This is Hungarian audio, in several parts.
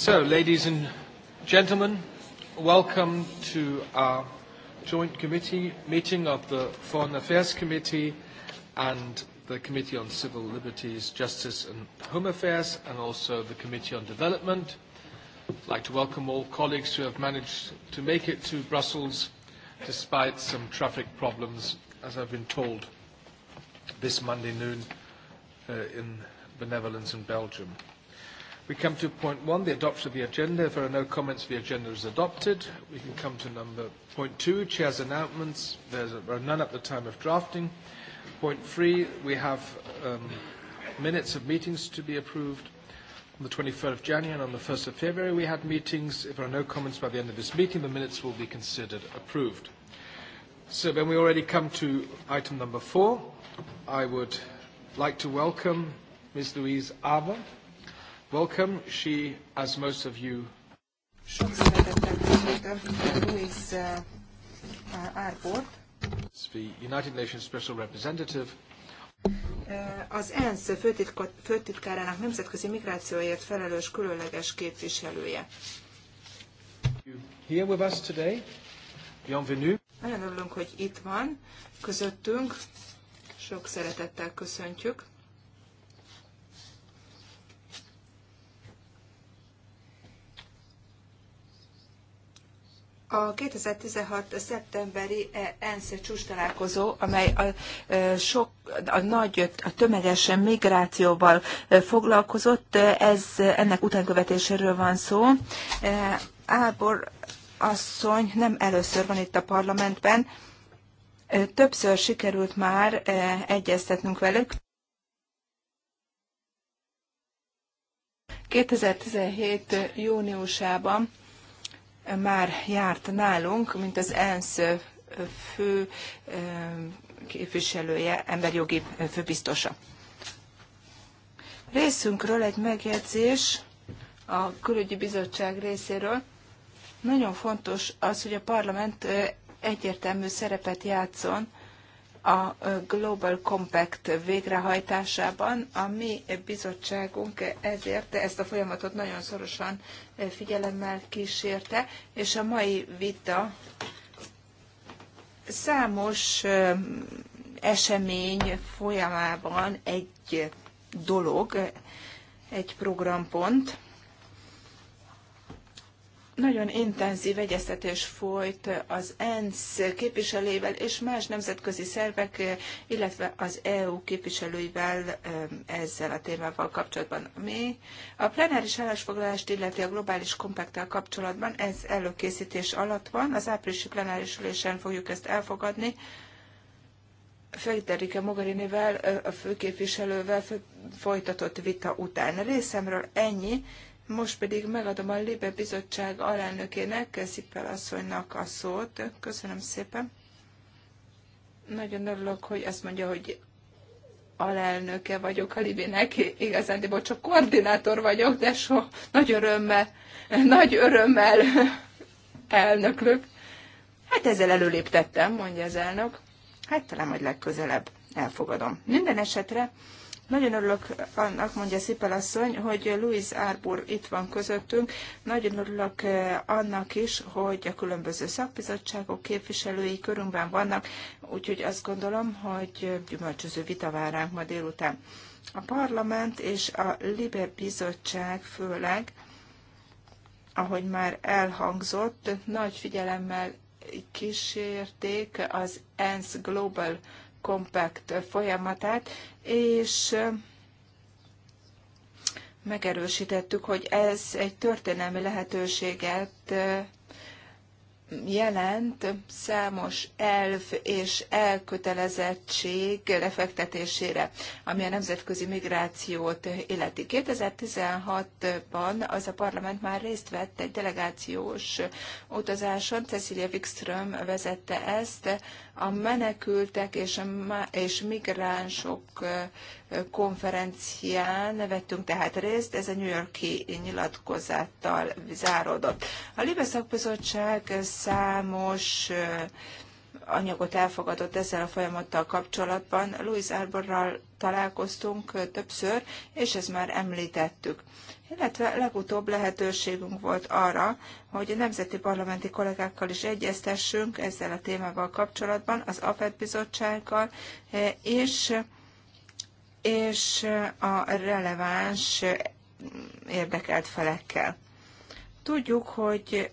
So, ladies and gentlemen, welcome to our joint committee meeting of the Foreign Affairs Committee and the Committee on Civil Liberties, Justice and Home Affairs, and also the Committee on Development. I'd like to welcome all colleagues who have managed to make it to Brussels despite some traffic problems, as I've been told, this Monday noon uh, in the Netherlands and Belgium. We come to point one, the adoption of the agenda. If there are no comments, the agenda is adopted. We can come to number point two, chair's announcements. there are none at the time of drafting. Point three, we have um, minutes of meetings to be approved. On the 23rd of January and on the 1st of February, we had meetings. If there are no comments by the end of this meeting, the minutes will be considered approved. So then we already come to item number four. I would like to welcome Ms. Louise Arbour Welcome. She, as most of you... Sok szeretettel köszöntöm Luis uh, The United Nations Special Representative uh, az ENSZ főtitkárának nemzetközi migrációért felelős különleges képviselője. Here with us today. Bienvenue. Nagyon örülünk, hogy itt van közöttünk. Sok szeretettel köszöntjük. A 2016. szeptemberi eh, ENSZ csúcs találkozó, amely a, eh, sok, a nagy, a tömeges migrációval eh, foglalkozott, ez ennek utánkövetéséről van szó. Ábor asszony nem először van itt a parlamentben, többször sikerült már egyeztetnünk velük. 2017. júniusában már járt nálunk, mint az ENSZ fő képviselője, emberjogi főbiztosa. Részünkről egy megjegyzés a külügyi bizottság részéről. Nagyon fontos az, hogy a parlament egyértelmű szerepet játszon a Global Compact végrehajtásában. A mi bizottságunk ezért ezt a folyamatot nagyon szorosan figyelemmel kísérte, és a mai vita számos um, esemény folyamában egy dolog, egy programpont, nagyon intenzív egyeztetés folyt az ENSZ képviselével és más nemzetközi szervek, illetve az EU képviselőivel ezzel a témával kapcsolatban. Mi a plenáris állásfoglalást illetve a globális kompakttel kapcsolatban, ez előkészítés alatt van, az áprilisi plenáris ülésen fogjuk ezt elfogadni. Federica Mogherinivel, a főképviselővel folytatott vita után. Részemről ennyi most pedig megadom a Libe Bizottság alelnökének, Szippel asszonynak a szót. Köszönöm szépen. Nagyon örülök, hogy azt mondja, hogy alelnöke vagyok a Libének, igazándiból csak koordinátor vagyok, de so, nagy örömmel, nagy örömmel elnöklök. Hát ezzel előléptettem, mondja az elnök. Hát talán majd legközelebb elfogadom. Minden esetre nagyon örülök annak, mondja Szipel asszony, hogy Louis Árbor itt van közöttünk. Nagyon örülök eh, annak is, hogy a különböző szakbizottságok képviselői körünkben vannak, úgyhogy azt gondolom, hogy gyümölcsöző vita vár ránk ma délután. A parlament és a Liber Bizottság főleg, ahogy már elhangzott, nagy figyelemmel kísérték az ENSZ Global kompakt folyamatát, és megerősítettük, hogy ez egy történelmi lehetőséget jelent számos elv és elkötelezettség lefektetésére, ami a nemzetközi migrációt illeti. 2016-ban az a parlament már részt vett egy delegációs utazáson, Cecilia Wikström vezette ezt, a menekültek és, a, és migránsok konferencián vettünk tehát részt, ez a New Yorki nyilatkozattal záródott. A Libe Szakbizottság számos anyagot elfogadott ezzel a folyamattal kapcsolatban. Louis Arborral találkoztunk többször, és ezt már említettük illetve legutóbb lehetőségünk volt arra, hogy a nemzeti parlamenti kollégákkal is egyeztessünk ezzel a témával kapcsolatban, az AFED bizottsággal, és, és a releváns érdekelt felekkel. Tudjuk, hogy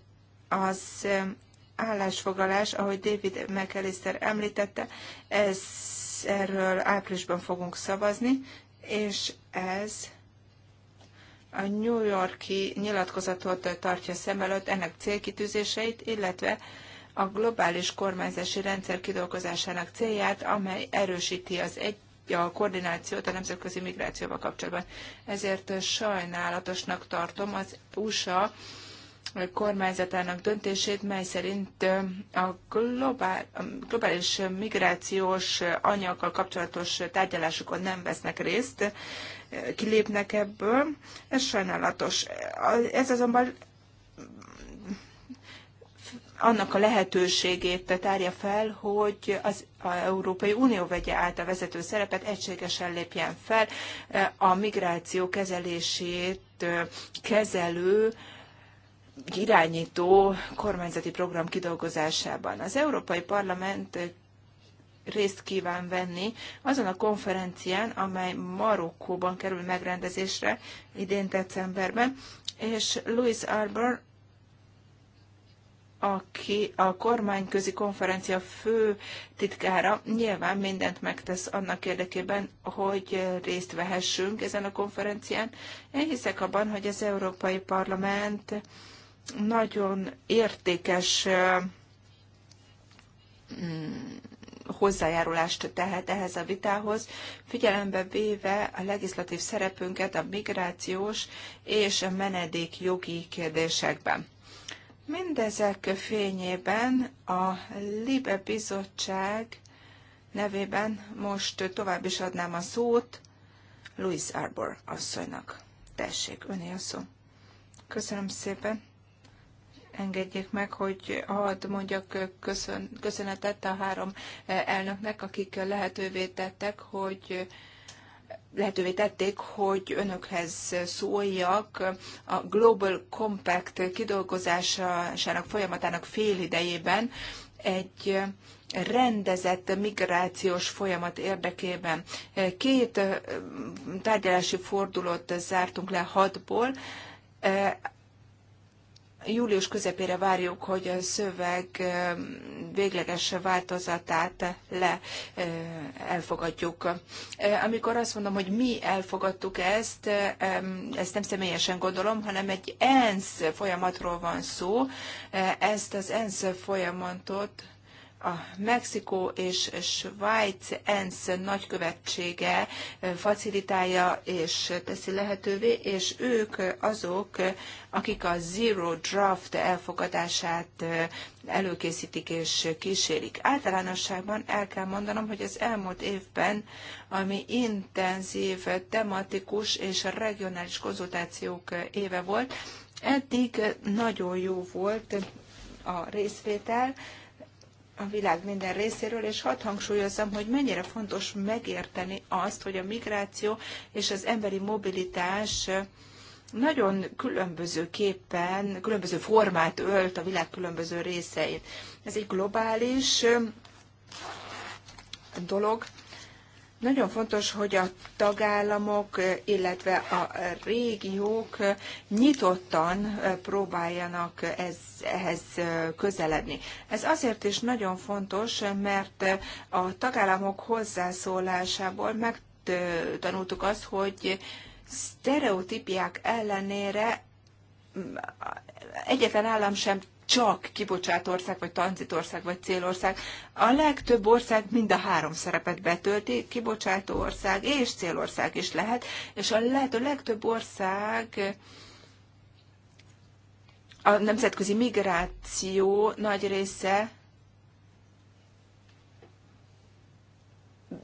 az állásfoglalás, ahogy David McAllister említette, ez erről áprilisban fogunk szavazni, és ez a New Yorki nyilatkozatot tartja szem előtt, ennek célkitűzéseit, illetve a globális kormányzási rendszer kidolgozásának célját, amely erősíti az egy a koordinációt a nemzetközi migrációval kapcsolatban. Ezért sajnálatosnak tartom az USA kormányzatának döntését, mely szerint a globál, globális migrációs anyaggal kapcsolatos tárgyalásokon nem vesznek részt kilépnek ebből. Ez sajnálatos. Ez azonban annak a lehetőségét tárja fel, hogy az Európai Unió vegye át a vezető szerepet, egységesen lépjen fel a migráció kezelését kezelő irányító kormányzati program kidolgozásában. Az Európai Parlament részt kíván venni azon a konferencián, amely Marokkóban kerül megrendezésre idén decemberben, és Louis Arbor, aki a kormányközi konferencia fő titkára nyilván mindent megtesz annak érdekében, hogy részt vehessünk ezen a konferencián. Én hiszek abban, hogy az Európai Parlament nagyon értékes mm, hozzájárulást tehet ehhez a vitához, figyelembe véve a legislatív szerepünket a migrációs és a menedék jogi kérdésekben. Mindezek fényében a LIBE bizottság nevében most tovább is adnám a szót Louis Arbor asszonynak. Tessék, öné a szó. Köszönöm szépen engedjék meg, hogy hadd mondjak köszön, köszönetet a három eh, elnöknek, akik lehetővé tettek, hogy lehetővé tették, hogy önökhez szóljak a Global Compact kidolgozásának folyamatának fél idejében egy rendezett migrációs folyamat érdekében. Két eh, tárgyalási fordulót zártunk le hatból, eh, július közepére várjuk, hogy a szöveg végleges változatát le elfogadjuk. Amikor azt mondom, hogy mi elfogadtuk ezt, ezt nem személyesen gondolom, hanem egy ENSZ folyamatról van szó. Ezt az ENSZ folyamatot a Mexikó és Svájc ENSZ nagykövetsége eh, facilitálja és teszi lehetővé, és ők azok, akik a Zero Draft elfogadását eh, előkészítik és kísérik. Általánosságban el kell mondanom, hogy az elmúlt évben, ami intenzív, tematikus és regionális konzultációk eh, éve volt, eddig nagyon jó volt a részvétel, a világ minden részéről, és hadd hangsúlyozzam, hogy mennyire fontos megérteni azt, hogy a migráció és az emberi mobilitás nagyon különböző képpen, különböző formát ölt a világ különböző részein. Ez egy globális dolog, nagyon fontos, hogy a tagállamok, illetve a régiók nyitottan próbáljanak ez, ehhez közeledni. Ez azért is nagyon fontos, mert a tagállamok hozzászólásából megtanultuk azt, hogy sztereotípiák ellenére egyetlen állam sem csak ország vagy tranzitország, vagy célország. A legtöbb ország mind a három szerepet betölti, kibocsátó ország és célország is lehet, és a lehető legtöbb ország a nemzetközi migráció nagy része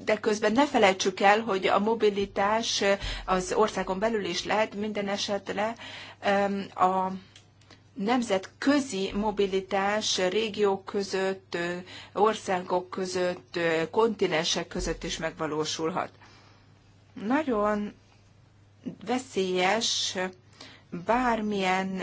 de közben ne felejtsük el, hogy a mobilitás az országon belül is lehet minden esetre a nemzetközi mobilitás régiók között, országok között, kontinensek között is megvalósulhat. Nagyon veszélyes bármilyen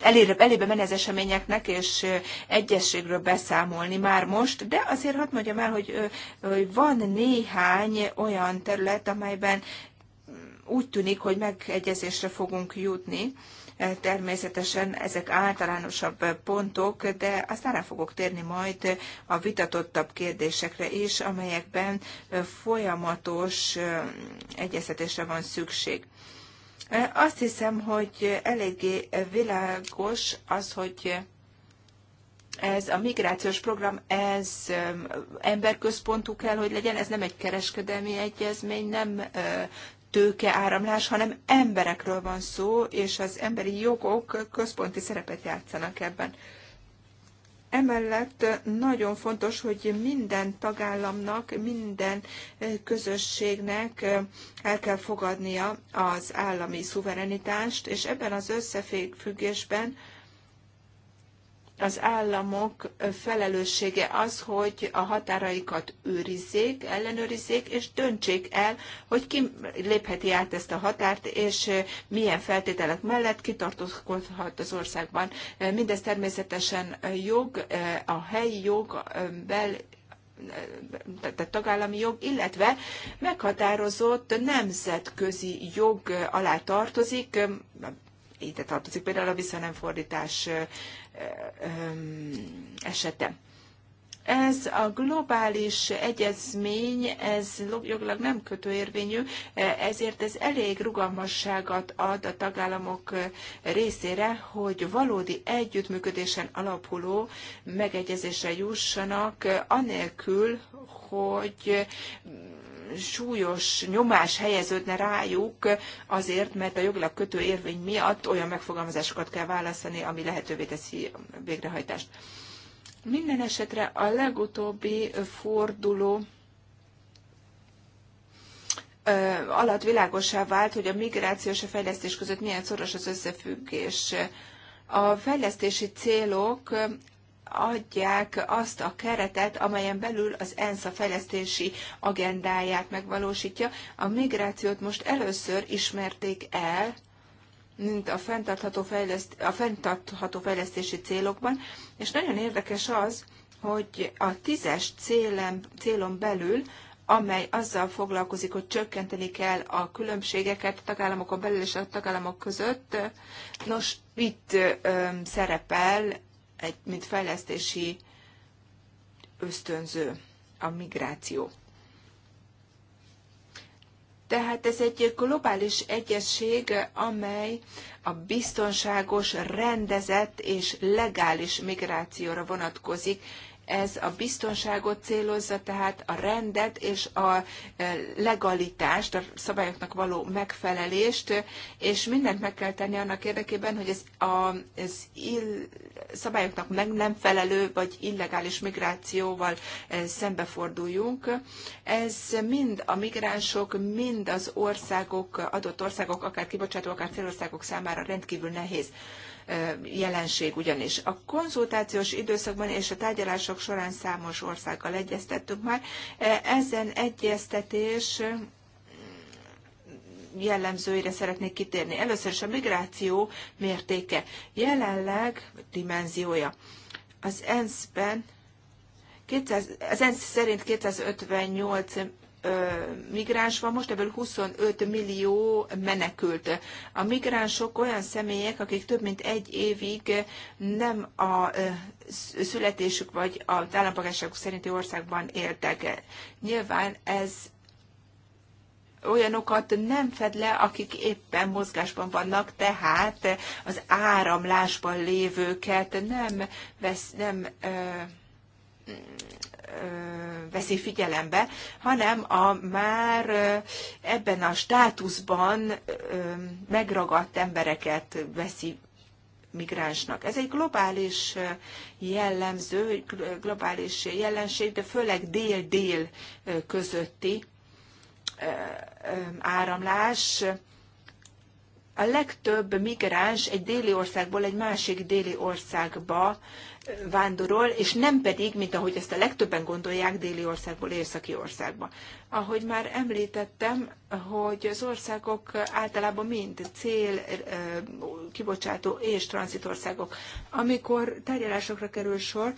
elébe, elébe menni az eseményeknek, és egyességről beszámolni már most, de azért hadd mondjam el, hogy, hogy van néhány olyan terület, amelyben úgy tűnik, hogy megegyezésre fogunk jutni, E, természetesen ezek általánosabb pontok, de aztán rá fogok térni majd a vitatottabb kérdésekre is, amelyekben e, folyamatos e, egyeztetésre van szükség. Azt hiszem, hogy eléggé világos az, hogy ez a migrációs program, ez emberközpontú kell, hogy legyen, ez nem egy kereskedelmi egyezmény, nem tőkeáramlás, hanem emberekről van szó, és az emberi jogok központi szerepet játszanak ebben. Emellett nagyon fontos, hogy minden tagállamnak, minden eh, közösségnek eh, el kell fogadnia az állami szuverenitást, és ebben az összefüggésben az államok felelőssége az, hogy a határaikat őrizzék, ellenőrizzék, és döntsék el, hogy ki lépheti át ezt a határt, és milyen feltételek mellett kitartózkodhat az országban. Mindez természetesen jog, a helyi jog bel tehát tagállami jog, illetve meghatározott nemzetközi jog alá tartozik, ide tartozik például a visszanemfordítás esete. Ez a globális egyezmény, ez jogilag nem kötőérvényű, ezért ez elég rugalmasságot ad a tagállamok részére, hogy valódi együttműködésen alapuló megegyezésre jussanak, anélkül, hogy súlyos nyomás helyeződne rájuk azért, mert a jogilag kötő érvény miatt olyan megfogalmazásokat kell választani, ami lehetővé teszi a végrehajtást. Minden esetre a legutóbbi forduló alatt világosá vált, hogy a migráció és a fejlesztés között milyen szoros az összefüggés. A fejlesztési célok adják azt a keretet, amelyen belül az ENSZ a fejlesztési agendáját megvalósítja. A migrációt most először ismerték el, mint a fenntartható, fejleszt, a fenntartható fejlesztési célokban, és nagyon érdekes az, hogy a tízes célem, célon belül, amely azzal foglalkozik, hogy csökkenteni kell a különbségeket a tagállamokon belül és a tagállamok között, nos, itt ö, szerepel egy, mint fejlesztési ösztönző a migráció. Tehát ez egy globális egyesség, amely a biztonságos, rendezett és legális migrációra vonatkozik, ez a biztonságot célozza, tehát a rendet és a e, legalitást, a szabályoknak való megfelelést, és mindent meg kell tenni annak érdekében, hogy ez a ez ill, szabályoknak meg nem felelő vagy illegális migrációval e, szembeforduljunk. Ez mind a migránsok, mind az országok, adott országok, akár kibocsátó, akár célországok számára rendkívül nehéz jelenség ugyanis. A konzultációs időszakban és a tárgyalások során számos országgal egyeztettünk már. Ezen egyeztetés jellemzőire szeretnék kitérni. Először is a migráció mértéke, jelenleg dimenziója. Az ENSZ-ben 200, az ENSZ szerint 258 migráns van, most ebből 25 millió menekült. A migránsok olyan személyek, akik több mint egy évig nem a születésük vagy a állampolgárságuk szerinti országban éltek. Nyilván ez olyanokat nem fed le, akik éppen mozgásban vannak, tehát az áramlásban lévőket nem vesz, nem ö, veszi figyelembe, hanem a már ebben a státuszban megragadt embereket veszi migránsnak. Ez egy globális jellemző, globális jelenség, de főleg dél-dél közötti áramlás. A legtöbb migráns egy déli országból egy másik déli országba vándorol, és nem pedig, mint ahogy ezt a legtöbben gondolják, déli országból északi országba. Ahogy már említettem, hogy az országok általában mind cél, kibocsátó és tranzitországok. Amikor tárgyalásokra kerül sor,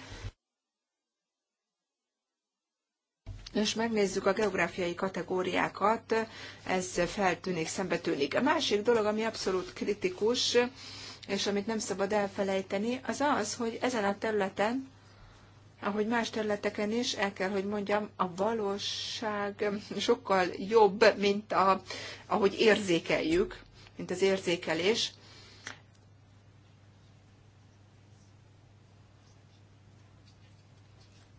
és megnézzük a geográfiai kategóriákat, ez feltűnik, szembetűnik. A másik dolog, ami abszolút kritikus, és amit nem szabad elfelejteni, az az, hogy ezen a területen, ahogy más területeken is, el kell, hogy mondjam, a valóság sokkal jobb, mint a, ahogy érzékeljük, mint az érzékelés.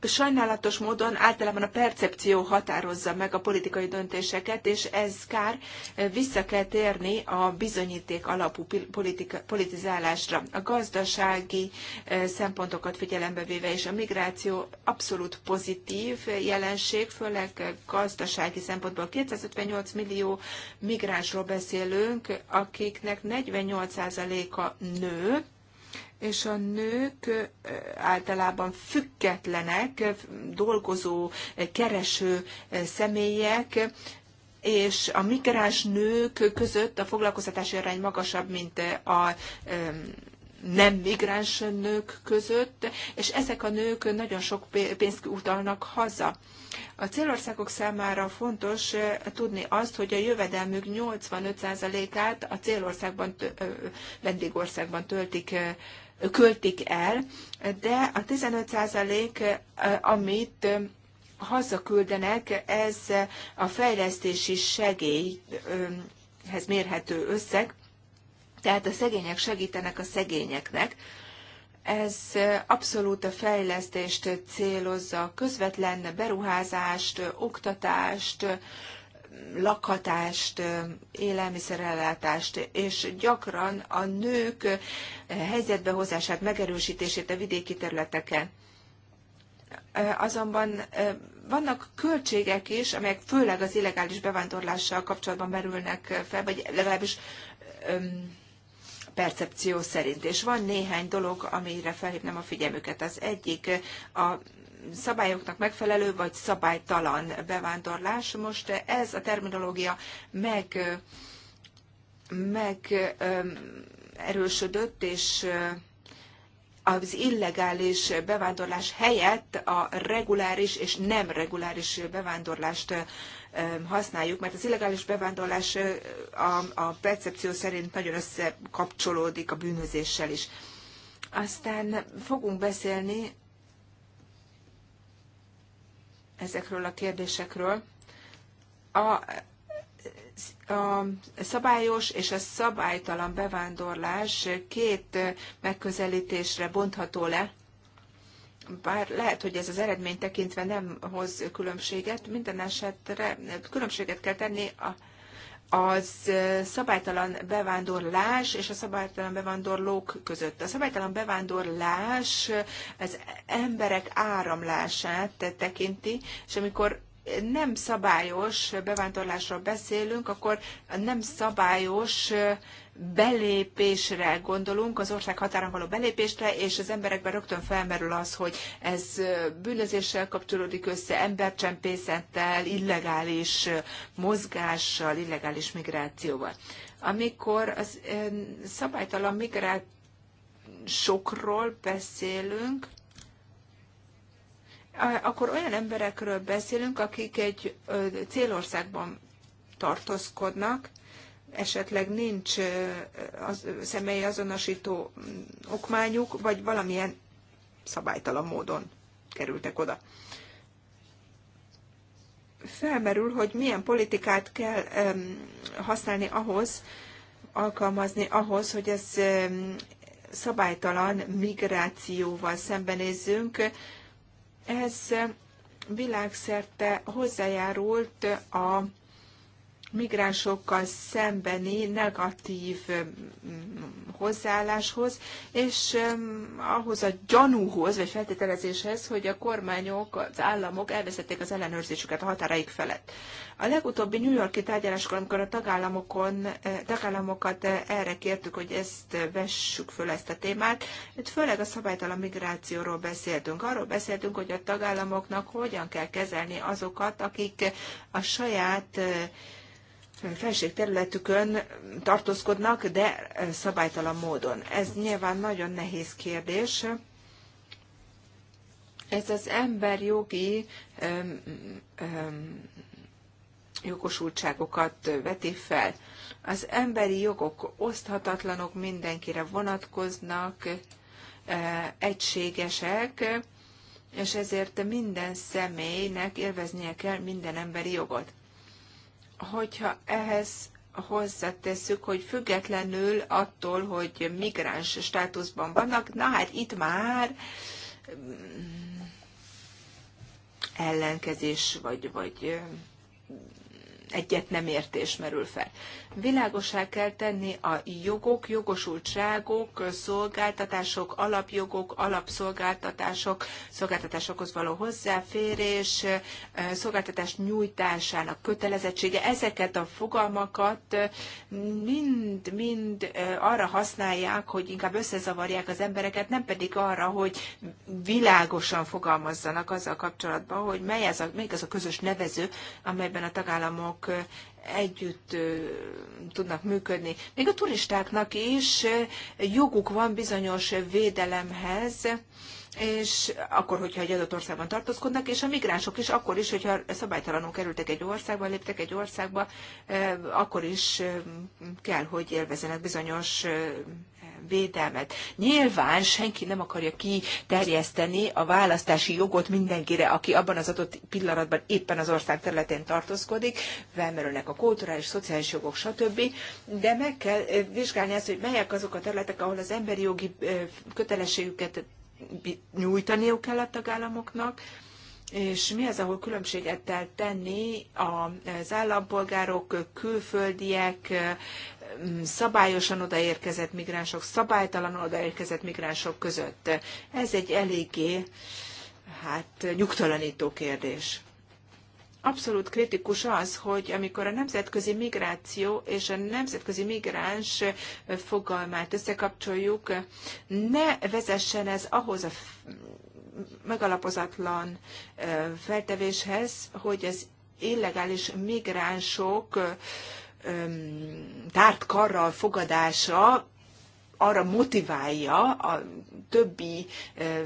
sajnálatos módon általában a percepció határozza meg a politikai döntéseket, és ez kár, vissza kell térni a bizonyíték alapú politika, politizálásra. A gazdasági szempontokat figyelembe véve, és a migráció abszolút pozitív jelenség, főleg gazdasági szempontból. 258 millió migránsról beszélünk, akiknek 48%-a nő, és a nők általában függetlenek, dolgozó, kereső személyek, és a migráns nők között a foglalkoztatási arány magasabb, mint a nem migráns nők között, és ezek a nők nagyon sok pénzt utalnak haza. A célországok számára fontos eh, tudni azt, hogy a jövedelmük 85%-át a célországban, vendégországban töltik eh, költik el, de a 15% eh, amit hazaküldenek, ez a fejlesztési segélyhez mérhető összeg, tehát a szegények segítenek a szegényeknek. Ez abszolút a fejlesztést célozza, közvetlen beruházást, oktatást, lakhatást, élelmiszerellátást, és gyakran a nők helyzetbe hozását, megerősítését a vidéki területeken. Azonban vannak költségek is, amelyek főleg az illegális bevándorlással kapcsolatban merülnek fel, vagy legalábbis percepció szerint. És van néhány dolog, amire felhívnám a figyelmüket. Az egyik a szabályoknak megfelelő vagy szabálytalan bevándorlás. Most ez a terminológia meg, meg erősödött, és az illegális bevándorlás helyett a reguláris és nem reguláris bevándorlást használjuk, mert az illegális bevándorlás a, a percepció szerint nagyon összekapcsolódik a bűnözéssel is. Aztán fogunk beszélni ezekről a kérdésekről. A, a szabályos és a szabálytalan bevándorlás két megközelítésre bontható le bár lehet, hogy ez az eredmény tekintve nem hoz különbséget, minden esetre különbséget kell tenni a, az szabálytalan bevándorlás és a szabálytalan bevándorlók között. A szabálytalan bevándorlás az emberek áramlását tekinti, és amikor nem szabályos bevándorlásról beszélünk, akkor a nem szabályos belépésre gondolunk, az ország határon való belépésre, és az emberekben rögtön felmerül az, hogy ez bűnözéssel kapcsolódik össze, embercsempészettel, illegális mozgással, illegális migrációval. Amikor az eh, szabálytalan migrát sokról beszélünk, akkor olyan emberekről beszélünk, akik egy célországban tartózkodnak, esetleg nincs az személyi azonosító mm, okmányuk, vagy valamilyen szabálytalan módon kerültek oda. Felmerül, hogy milyen politikát kell használni ahhoz, alkalmazni ahhoz, hogy ez szabálytalan migrációval szembenézzünk, ez világszerte hozzájárult a migránsokkal szembeni negatív mm, hozzáálláshoz, és mm, ahhoz a gyanúhoz, vagy feltételezéshez, hogy a kormányok, az államok elveszették az ellenőrzésüket a határaik felett. A legutóbbi New Yorki tárgyaláskor, amikor a tagállamokon, eh, tagállamokat eh, erre kértük, hogy ezt eh, vessük föl ezt a témát, itt főleg a szabálytalan migrációról beszéltünk. Arról beszéltünk, hogy a tagállamoknak hogyan kell kezelni azokat, akik a saját területükön tartózkodnak, de szabálytalan módon. Ez nyilván nagyon nehéz kérdés. Ez az emberjogi öm, öm, jogosultságokat veti fel. Az emberi jogok oszthatatlanok, mindenkire vonatkoznak, egységesek, és ezért minden személynek élveznie kell minden emberi jogot hogyha ehhez hozzátesszük, hogy függetlenül attól, hogy migráns státuszban vannak, na hát itt már mm, ellenkezés vagy, vagy mm, egyet nem értés merül fel. Világosá kell tenni a jogok, jogosultságok, szolgáltatások, alapjogok, alapszolgáltatások, szolgáltatásokhoz való hozzáférés, szolgáltatás nyújtásának kötelezettsége. Ezeket a fogalmakat mind-mind arra használják, hogy inkább összezavarják az embereket, nem pedig arra, hogy világosan fogalmazzanak azzal kapcsolatban, hogy mely az a, melyik az a közös nevező, amelyben a tagállamok együtt tudnak működni. Még a turistáknak is joguk van bizonyos védelemhez, és akkor, hogyha egy adott országban tartózkodnak, és a migránsok is akkor is, hogyha szabálytalanul kerültek egy országba, léptek egy országba, akkor is kell, hogy élvezenek bizonyos védelmet. Nyilván senki nem akarja kiterjeszteni a választási jogot mindenkire, aki abban az adott pillanatban éppen az ország területén tartózkodik, felmerülnek a kulturális, szociális jogok, stb. De meg kell eh, vizsgálni azt, hogy melyek azok a területek, ahol az emberi jogi eh, kötelességüket nyújtaniuk kell a tagállamoknak, és mi az, ahol különbséget kell tenni eh, az állampolgárok, külföldiek szabályosan odaérkezett migránsok, szabálytalan odaérkezett migránsok között. Ez egy eléggé hát, nyugtalanító kérdés. Abszolút kritikus az, hogy amikor a nemzetközi migráció és a nemzetközi migráns fogalmát összekapcsoljuk, ne vezessen ez ahhoz a megalapozatlan feltevéshez, hogy az illegális migránsok tárt karral fogadása arra motiválja a többi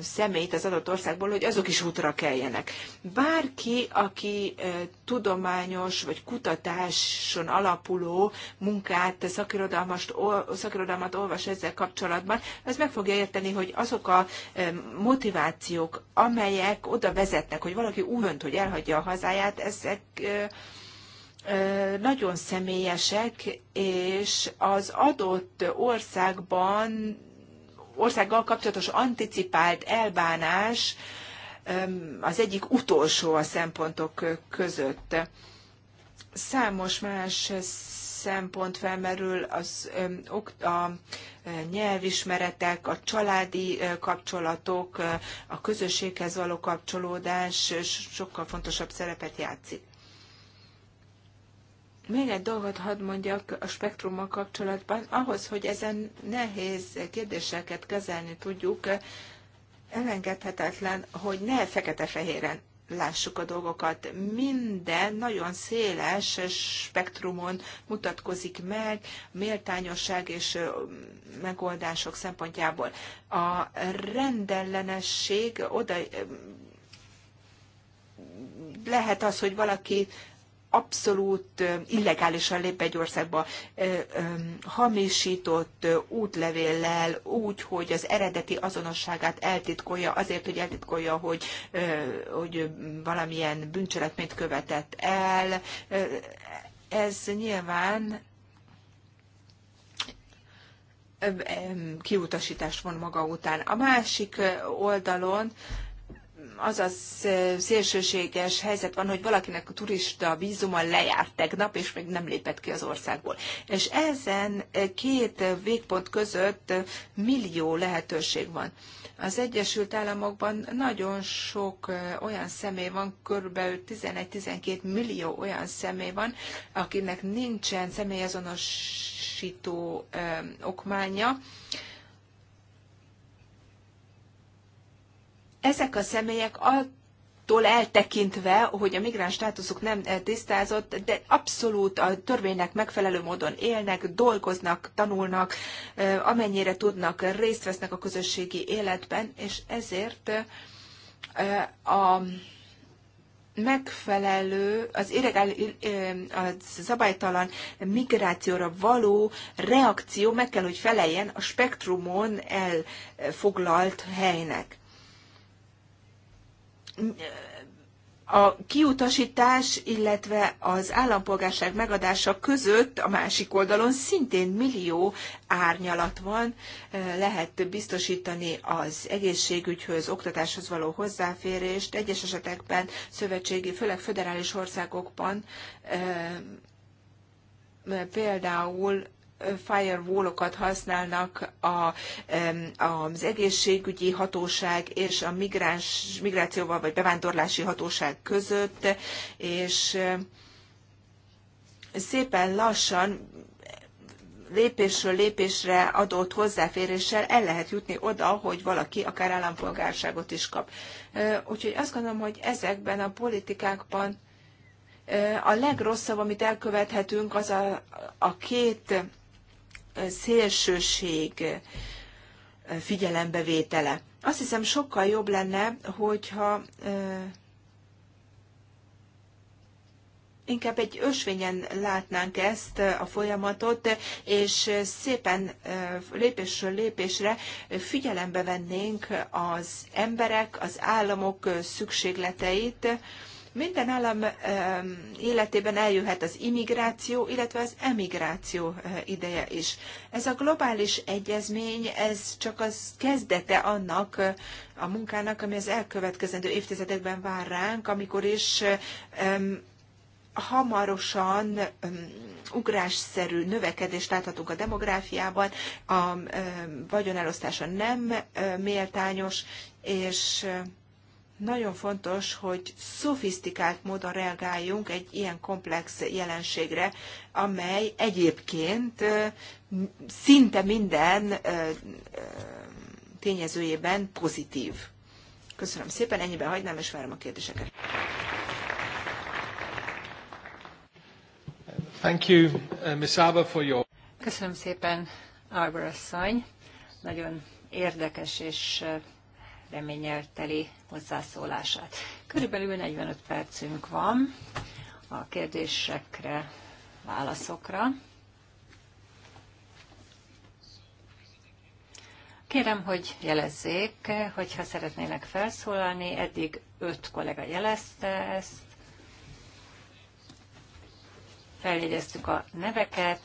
személyt az adott országból, hogy azok is útra keljenek. Bárki, aki tudományos vagy kutatáson alapuló munkát, szakirodalmast, szakirodalmat olvas ezzel kapcsolatban, az meg fogja érteni, hogy azok a motivációk, amelyek oda vezetnek, hogy valaki úgy dönt, hogy elhagyja a hazáját, ezek nagyon személyesek, és az adott országban, országgal kapcsolatos anticipált elbánás az egyik utolsó a szempontok között. Számos más szempont felmerül, az, a nyelvismeretek, a családi kapcsolatok, a közösséghez való kapcsolódás sokkal fontosabb szerepet játszik. Még egy dolgot hadd mondjak a spektrummal kapcsolatban. Ahhoz, hogy ezen nehéz kérdéseket kezelni tudjuk, elengedhetetlen, hogy ne fekete-fehéren lássuk a dolgokat. Minden nagyon széles spektrumon mutatkozik meg méltányosság és megoldások szempontjából. A rendellenesség oda lehet az, hogy valaki abszolút illegálisan lép egy országba hamisított útlevéllel, úgy, hogy az eredeti azonosságát eltitkolja, azért, hogy eltitkolja, hogy, hogy valamilyen bűncselekményt követett el. Ez nyilván kiutasítás van maga után. A másik oldalon az a szélsőséges helyzet van, hogy valakinek a turista vízuma lejárt tegnap, és még nem lépett ki az országból. És ezen két végpont között millió lehetőség van. Az Egyesült Államokban nagyon sok olyan személy van, kb. 11-12 millió olyan személy van, akinek nincsen személyazonosító okmánya, Ezek a személyek attól eltekintve, hogy a migráns státuszuk nem eh, tisztázott, de abszolút a törvénynek megfelelő módon élnek, dolgoznak, tanulnak, eh, amennyire tudnak, részt vesznek a közösségi életben, és ezért eh, a megfelelő, az, irregál, az szabálytalan migrációra való reakció meg kell, hogy feleljen a spektrumon elfoglalt helynek a kiutasítás, illetve az állampolgárság megadása között a másik oldalon szintén millió árnyalat van. Lehet biztosítani az egészségügyhöz, oktatáshoz való hozzáférést. Egyes esetekben szövetségi, főleg föderális országokban például firewallokat használnak a, az egészségügyi hatóság és a migráns, migrációval vagy bevándorlási hatóság között, és szépen lassan lépésről lépésre adott hozzáféréssel el lehet jutni oda, hogy valaki akár állampolgárságot is kap. Úgyhogy azt gondolom, hogy ezekben a politikákban a legrosszabb, amit elkövethetünk, az a, a két szélsőség figyelembevétele. Azt hiszem sokkal jobb lenne, hogyha inkább egy ösvényen látnánk ezt a folyamatot, és szépen lépésről lépésre figyelembe vennénk az emberek, az államok szükségleteit, minden állam életében eljöhet az immigráció, illetve az emigráció ideje is. Ez a globális egyezmény, ez csak az kezdete annak a munkának, ami az elkövetkezendő évtizedekben vár ránk, amikor is hamarosan ugrásszerű növekedést láthatunk a demográfiában, a vagyonelosztása nem méltányos, és nagyon fontos, hogy szofisztikált módon reagáljunk egy ilyen komplex jelenségre, amely egyébként szinte minden tényezőjében pozitív. Köszönöm szépen, ennyiben hagynám, és várom a kérdéseket. Thank you, uh, Ms. Arba, for your... Köszönöm szépen, Arbor asszony. Nagyon érdekes és reményel teli hozzászólását. Körülbelül 45 percünk van a kérdésekre, válaszokra. Kérem, hogy jelezzék, hogyha szeretnének felszólalni. Eddig öt kollega jelezte ezt. Feljegyeztük a neveket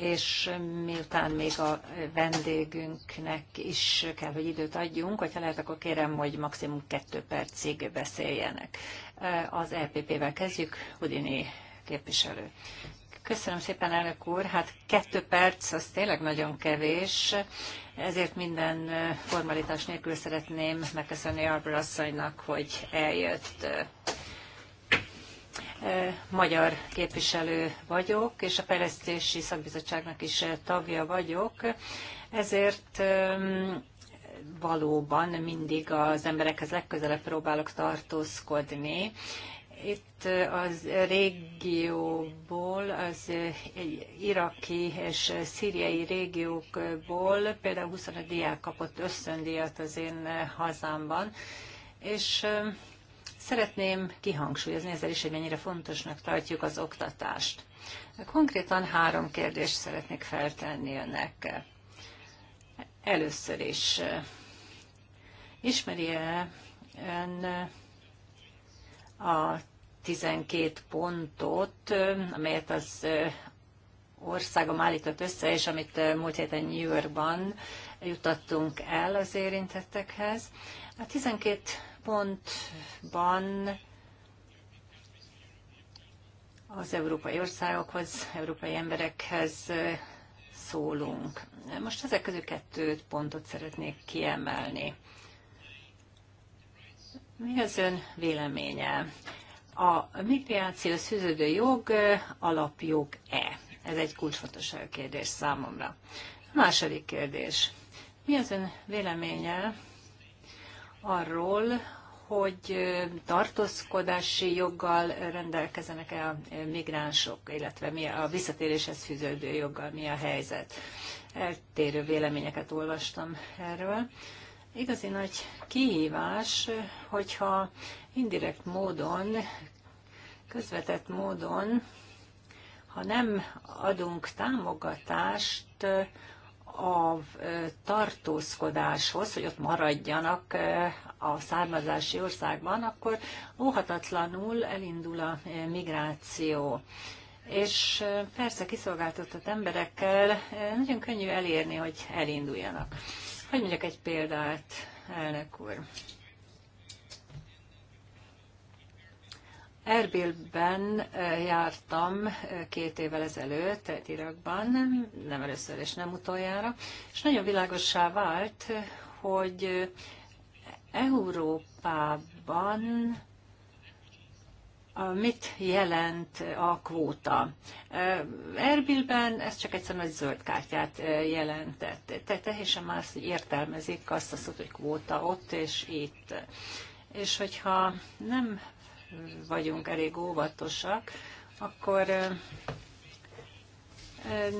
és miután még a vendégünknek is kell, hogy időt adjunk, hogyha lehet, akkor kérem, hogy maximum kettő percig beszéljenek. Az LPP-vel e kezdjük, Udini képviselő. Köszönöm szépen, elnök úr. Hát kettő perc, az tényleg nagyon kevés, ezért minden formalitás nélkül szeretném megköszönni Arbor asszonynak, hogy eljött magyar képviselő vagyok, és a Fejlesztési Szakbizottságnak is tagja vagyok, ezért valóban mindig az emberekhez legközelebb próbálok tartózkodni. Itt az régióból, az iraki és szíriai régiókból például 25 diák kapott ösztöndíjat az én hazámban, és Szeretném kihangsúlyozni ezzel is, hogy mennyire fontosnak tartjuk az oktatást. Konkrétan három kérdést szeretnék feltenni önnek. Először is, ismeri-e ön a 12 pontot, amelyet az országom állított össze, és amit múlt héten New Yorkban juttattunk el az érintettekhez. A 12 pontban az európai országokhoz, európai emberekhez szólunk. Most ezek közül kettőt pontot szeretnék kiemelni. Mi az ön véleménye? A migráció szűződő jog alapjog-e? Ez egy kulcsfontosságú kérdés számomra. A második kérdés. Mi az ön véleménye arról, hogy tartózkodási joggal rendelkezenek -e a migránsok, illetve mi a visszatéréshez fűződő joggal mi a helyzet. Eltérő véleményeket olvastam erről. Igazi nagy kihívás, hogyha indirekt módon, közvetett módon, ha nem adunk támogatást a tartózkodáshoz, hogy ott maradjanak a származási országban, akkor óhatatlanul elindul a eh, migráció és eh, persze kiszolgáltatott emberekkel eh, nagyon könnyű elérni, hogy elinduljanak. Hogy mondjak egy példát, elnök úr? Erbilben jártam két évvel ezelőtt, tehát Irakban, nem, nem először és nem utoljára, és nagyon világossá vált, hogy Európában mit jelent a kvóta. Erbilben ez csak egyszerűen egy zöld kártyát jelentett. Te teljesen más értelmezik azt a szót, hogy kvóta ott és itt. És hogyha nem vagyunk elég óvatosak, akkor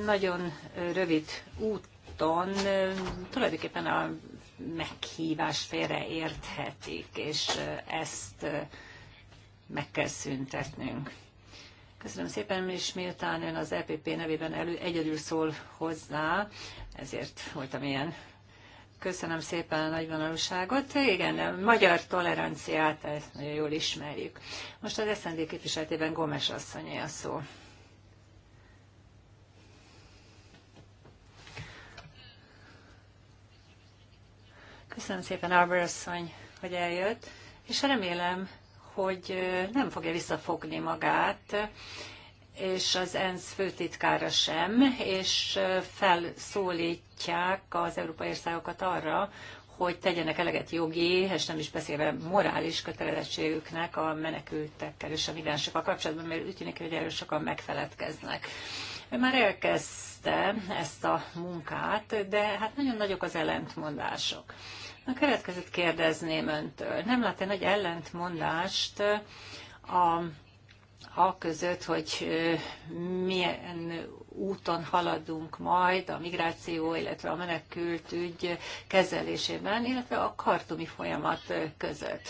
nagyon rövid úton tulajdonképpen a meghívást félreérthetik, és ezt meg kell szüntetnünk. Köszönöm szépen, és miután ön az EPP nevében elő, egyedül szól hozzá, ezért voltam ilyen. Köszönöm szépen a nagyvonalúságot. Igen, a magyar toleranciát ezt nagyon jól ismerjük. Most az SZND képviseletében Gomes asszonyé a szó. Köszönöm szépen, Arbor asszony, hogy eljött, és remélem, hogy nem fogja visszafogni magát, és az ENSZ főtitkára sem, és felszólítják az európai országokat arra, hogy tegyenek eleget jogi, és nem is beszélve morális kötelezettségüknek a menekültekkel és a migránsokkal kapcsolatban, mert úgy tűnik, hogy erről sokan megfeledkeznek. Ő már elkezdte ezt a munkát, de hát nagyon nagyok az ellentmondások. Na, következőt kérdezném öntől. Nem lát egy nagy ellentmondást a, a között, hogy milyen úton haladunk majd a migráció, illetve a menekült ügy kezelésében, illetve a kartumi folyamat között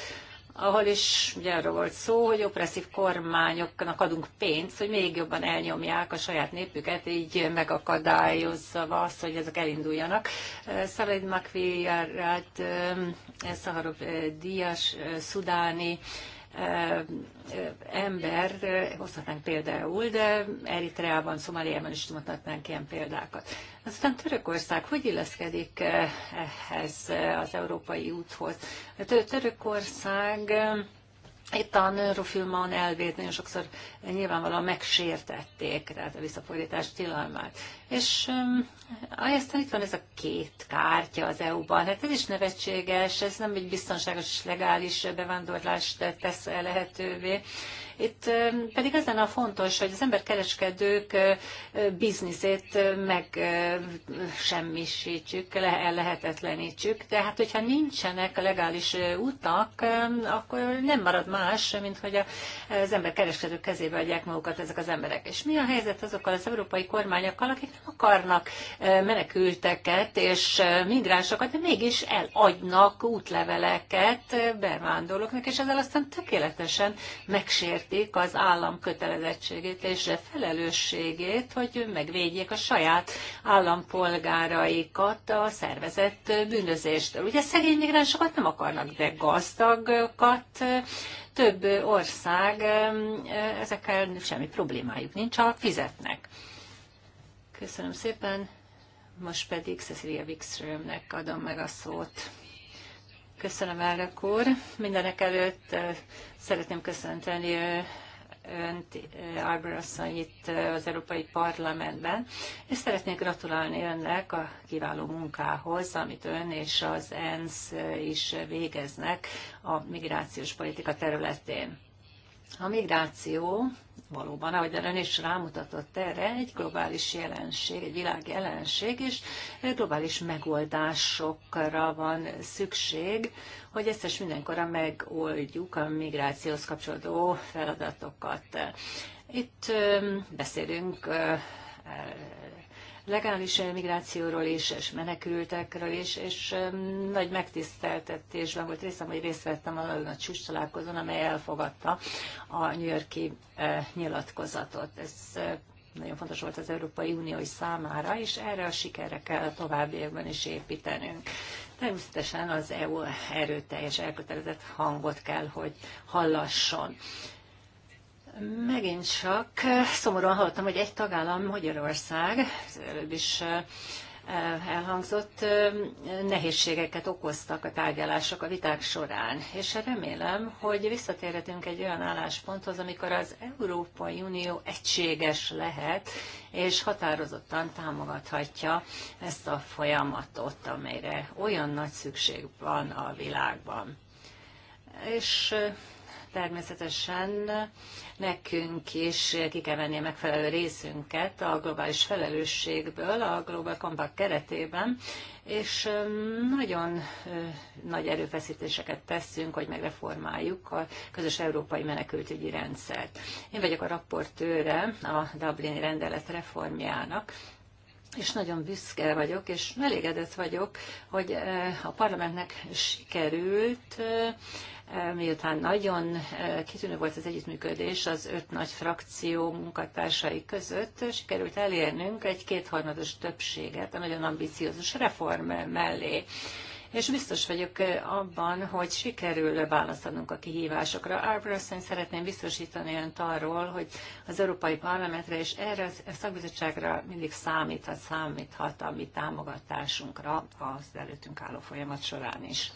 ahol is ugye arról volt szó, hogy opresszív kormányoknak adunk pénzt, hogy még jobban elnyomják a saját népüket, így megakadályozva azt, hogy ezek elinduljanak. Szalid Makvijárát, Szaharov eh, Díjas, eh, Szudáni, ember hozhatnánk például, de Eritreában, Szomáliában is mutatnánk ilyen példákat. Aztán Törökország hogy illeszkedik ehhez az európai úthoz? Törökország itt a neurofilmon elvét nagyon sokszor nyilvánvalóan megsértették, tehát a visszafordítás tilalmát. És aztán itt van ez a két kártya az EU-ban. Hát ez is nevetséges, ez nem egy biztonságos és legális bevándorlást tesz lehetővé. Itt pedig az lenne a fontos, hogy az emberkereskedők bizniszét meg semmisítsük, le- lehetetlenítsük. Tehát, hogyha nincsenek legális utak, akkor nem marad más, mint hogy az emberkereskedők kezébe adják magukat ezek az emberek. És mi a helyzet azokkal az európai kormányokkal, akik nem akarnak menekülteket és migránsokat, de mégis eladnak útleveleket bevándorlóknak, és ezzel aztán tökéletesen megsért megértik az állam kötelezettségét és a felelősségét, hogy megvédjék a saját állampolgáraikat a szervezett bűnözéstől. Ugye szegény migránsokat nem akarnak, de gazdagokat több ország ezekkel semmi problémájuk nincs, ha fizetnek. Köszönöm szépen. Most pedig Cecilia Wikströmnek adom meg a szót. Köszönöm, elnök úr. Mindenek előtt szeretném köszönteni önt, Ábor asszony itt az Európai Parlamentben, és szeretnék gratulálni önnek a kiváló munkához, amit ön és az ENSZ is végeznek a migrációs politika területén. A migráció valóban, ahogy a is rámutatott erre, egy globális jelenség, egy világ jelenség, és eh, globális megoldásokra van szükség, hogy ezt is mindenkorra megoldjuk a migrációhoz kapcsolódó feladatokat. Itt eh, beszélünk eh, legális migrációról is, és menekültekről is, és nagy megtiszteltetésben volt részem, hogy részt vettem azon nagy csúcs találkozón, amely elfogadta a New Yorki eh, nyilatkozatot. Ez eh, nagyon fontos volt az Európai Unió számára, és erre a sikerre kell továbbiakban is építenünk. Természetesen az EU erőteljes elkötelezett hangot kell, hogy hallasson. Megint csak szomorúan hallottam, hogy egy tagállam, Magyarország, az előbb is elhangzott, nehézségeket okoztak a tárgyalások, a viták során. És remélem, hogy visszatérhetünk egy olyan állásponthoz, amikor az Európai Unió egységes lehet, és határozottan támogathatja ezt a folyamatot, amelyre olyan nagy szükség van a világban. És természetesen nekünk is ki kell venni a megfelelő részünket a globális felelősségből, a Global Compact keretében, és nagyon nagy erőfeszítéseket teszünk, hogy megreformáljuk a közös európai menekültügyi rendszert. Én vagyok a rapportőre a Dublini rendelet reformjának, és nagyon büszke vagyok, és elégedett vagyok, hogy a parlamentnek sikerült miután nagyon eh, kitűnő volt az együttműködés az öt nagy frakció munkatársai között, sikerült elérnünk egy kétharmados többséget a nagyon ambiciózus reform mellé és biztos vagyok eh, abban, hogy sikerül választanunk a kihívásokra. Arbroszony szeretném biztosítani önt arról, hogy az Európai Parlamentre és erre a szakbizottságra mindig számíthat, számíthat a mi támogatásunkra az előttünk álló folyamat során is.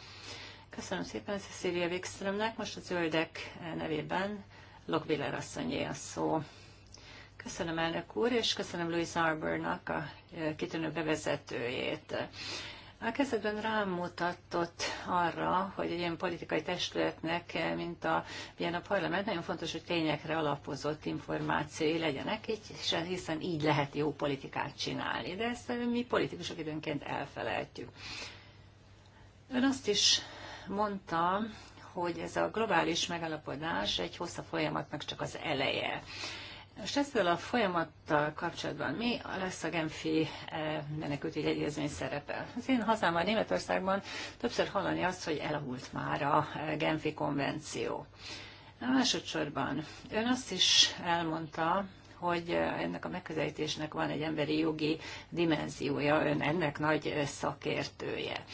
Köszönöm szépen Cecilia Wikströmnek, most a zöldek nevében Lokbiller asszonyé a szó. Köszönöm elnök úr, és köszönöm Louis Arbornak a kitűnő bevezetőjét. A kezdetben rámutatott arra, hogy egy ilyen politikai testületnek, mint a, ilyen a parlament, nagyon fontos, hogy tényekre alapozott információi legyenek, így, hiszen így lehet jó politikát csinálni. De ezt mi politikusok időnként elfelejtjük. Ön azt is mondta, hogy ez a globális megalapodás egy hosszabb folyamatnak csak az eleje. Most ezzel a folyamattal kapcsolatban mi lesz a Genfi eh, menekültügyi egyezmény szerepe? Az én a Németországban többször hallani azt, hogy elavult már a eh, Genfi konvenció. A másodszorban ön azt is elmondta, hogy eh, ennek a megközelítésnek van egy emberi jogi dimenziója, ön ennek nagy szakértője.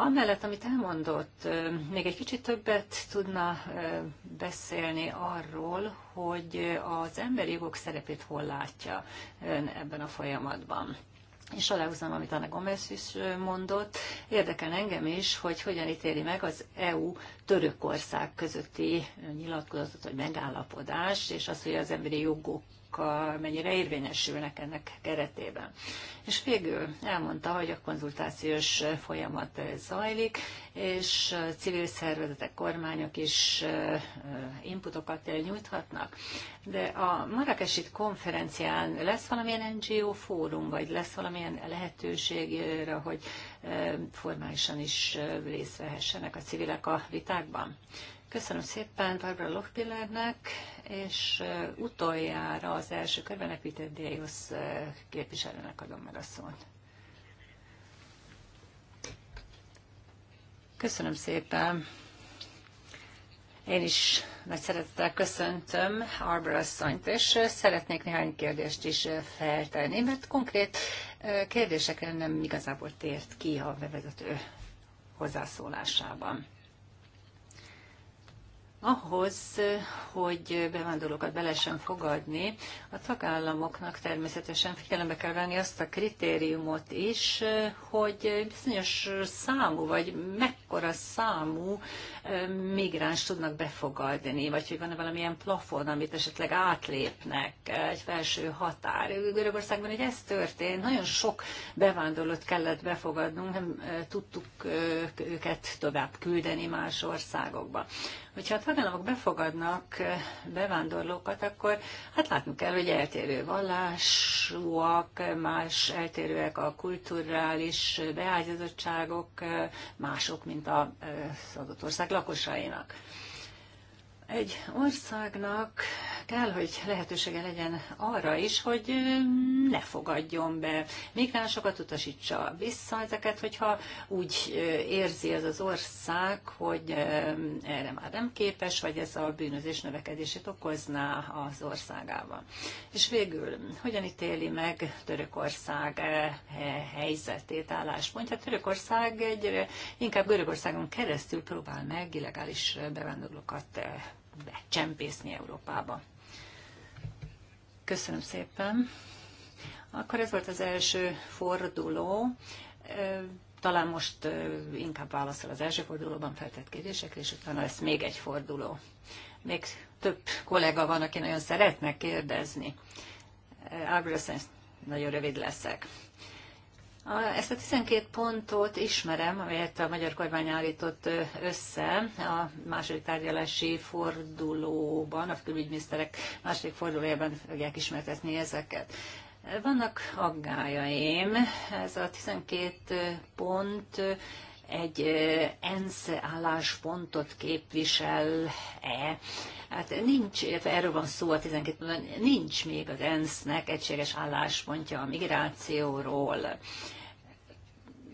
Amellett, amit elmondott, még egy kicsit többet tudna beszélni arról, hogy az emberi jogok szerepét hol látja ön ebben a folyamatban. És aláhúzom, amit Anna Gomez is mondott, érdekel engem is, hogy hogyan ítéli meg az EU-Törökország közötti nyilatkozatot, vagy megállapodást, és az, hogy az emberi jogok mennyire érvényesülnek ennek keretében. És végül elmondta, hogy a konzultációs folyamat zajlik, és civil szervezetek, kormányok is inputokat nyújthatnak. De a Marrakesi konferencián lesz valamilyen NGO fórum, vagy lesz valamilyen lehetőség hogy formálisan is részt vehessenek a civilek a vitákban? Köszönöm szépen Barbara Lochpillernek, és utoljára az első körben Epitediaius képviselőnek adom meg a szót. Köszönöm szépen. Én is nagy szeretettel köszöntöm Arbor asszonyt, és szeretnék néhány kérdést is feltenni, mert konkrét kérdésekre nem igazából tért ki a bevezető hozzászólásában. Ahhoz, hogy bevándorlókat be lehessen fogadni, a tagállamoknak természetesen figyelembe kell venni azt a kritériumot is, hogy bizonyos számú, vagy mekkora számú migráns tudnak befogadni, vagy hogy van-e valamilyen plafon, amit esetleg átlépnek, egy felső határ. Görögországban hogy ez történt, nagyon sok bevándorlót kellett befogadnunk, nem tudtuk őket tovább küldeni más országokba. Hogyha a tagállamok befogadnak bevándorlókat, akkor hát látnunk kell, hogy eltérő vallásúak, más eltérőek a kulturális beágyazottságok, mások, mint az adott ország lakosainak. Egy országnak kell, hogy lehetősége legyen arra is, hogy ne fogadjon be migránsokat, utasítsa vissza ezeket, hogyha úgy érzi ez az ország, hogy erre már nem képes, vagy ez a bűnözés növekedését okozná az országában. És végül, hogyan ítéli meg Törökország helyzetét, álláspontja? Törökország egyre inkább Görögországon keresztül próbál meg illegális bevándorlókat becsempészni Európába. Köszönöm szépen. Akkor ez volt az első forduló. Talán most inkább válaszol az első fordulóban feltett kérdésekre, és utána lesz még egy forduló. Még több kollega van, aki nagyon szeretne kérdezni. Ábrász, nagyon rövid leszek. Ezt a 12 pontot ismerem, amelyet a magyar kormány állított össze a második tárgyalási fordulóban, a külügyminiszterek második fordulójában fogják ismertetni ezeket. Vannak aggájaim, ez a 12 pont egy ENSZ álláspontot képvisel-e. Hát nincs, erről van szó a 12 nincs még az ENSZ-nek egységes álláspontja a migrációról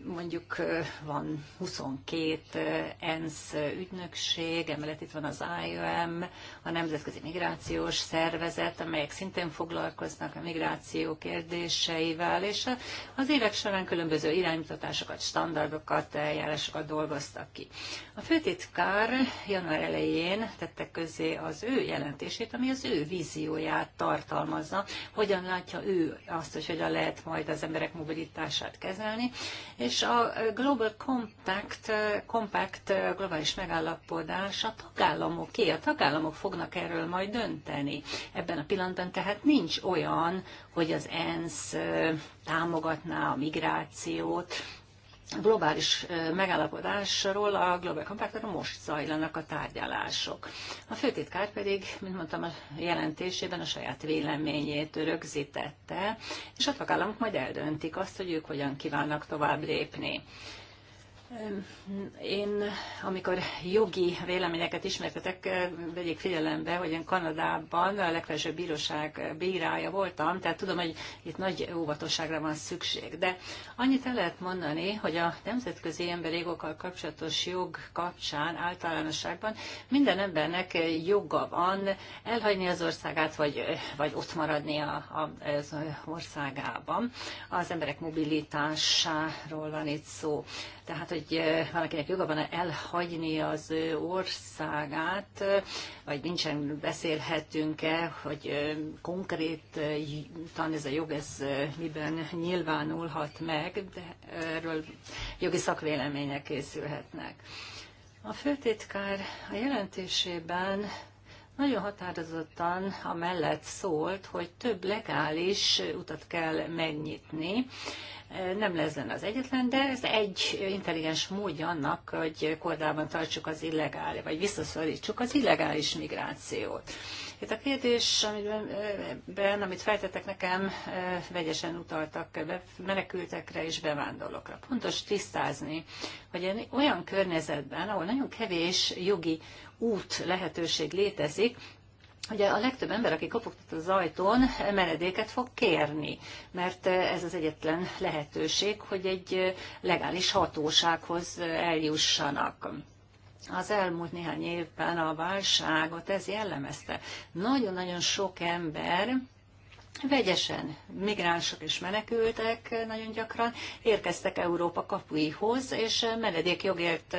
mondjuk van 22 ENSZ ügynökség, emellett itt van az IOM, a Nemzetközi Migrációs Szervezet, amelyek szintén foglalkoznak a migráció kérdéseivel, és az évek során különböző iránymutatásokat, standardokat, eljárásokat dolgoztak ki. A főtitkár január elején tette közé az ő jelentését, ami az ő vízióját tartalmazza, hogyan látja ő azt, hogy hogyan lehet majd az emberek mobilitását kezelni, és és a Global Compact, Compact globális megállapodás a tagállamoké, a tagállamok fognak erről majd dönteni. Ebben a pillanatban tehát nincs olyan, hogy az ENSZ eh, támogatná a migrációt, globális megállapodásról a Global compact most zajlanak a tárgyalások. A főtitkár pedig, mint mondtam, a jelentésében a saját véleményét rögzítette, és a tagállamok majd eldöntik azt, hogy ők hogyan kívánnak tovább lépni. Én, amikor jogi véleményeket ismertetek, eh, vegyék figyelembe, hogy én Kanadában a legfelsőbb bíróság bírája voltam, tehát tudom, hogy itt nagy óvatosságra van szükség. De annyit el lehet mondani, hogy a nemzetközi emberi jogokkal kapcsolatos jog kapcsán általánosságban minden embernek joga van elhagyni az országát, vagy, vagy ott maradni a, a, az országában. Az emberek mobilitásáról van itt szó. Tehát, hogy hogy eh, valakinek joga van elhagyni az eh, országát, eh, vagy nincsen beszélhetünk-e, hogy konkrétan ez a jog, ez miben nyilvánulhat meg, de erről jogi szakvélemények készülhetnek. A főtitkár a jelentésében nagyon határozottan amellett szólt, hogy több legális utat kell megnyitni. Nem lesz az egyetlen, de ez egy intelligens módja annak, hogy kordában tartsuk az illegális, vagy visszaszorítsuk az illegális migrációt. Itt a kérdés, amiben, amit feltettek nekem, vegyesen utaltak menekültekre és bevándorlókra. Pontos tisztázni, hogy olyan környezetben, ahol nagyon kevés jogi út lehetőség létezik, Ugye a legtöbb ember, aki kopogtat az ajtón, menedéket fog kérni, mert ez az egyetlen lehetőség, hogy egy legális hatósághoz eljussanak. Az elmúlt néhány évben a válságot ez jellemezte. Nagyon-nagyon sok ember vegyesen migránsok és menekültek nagyon gyakran érkeztek Európa kapuihoz, és menedékjogért,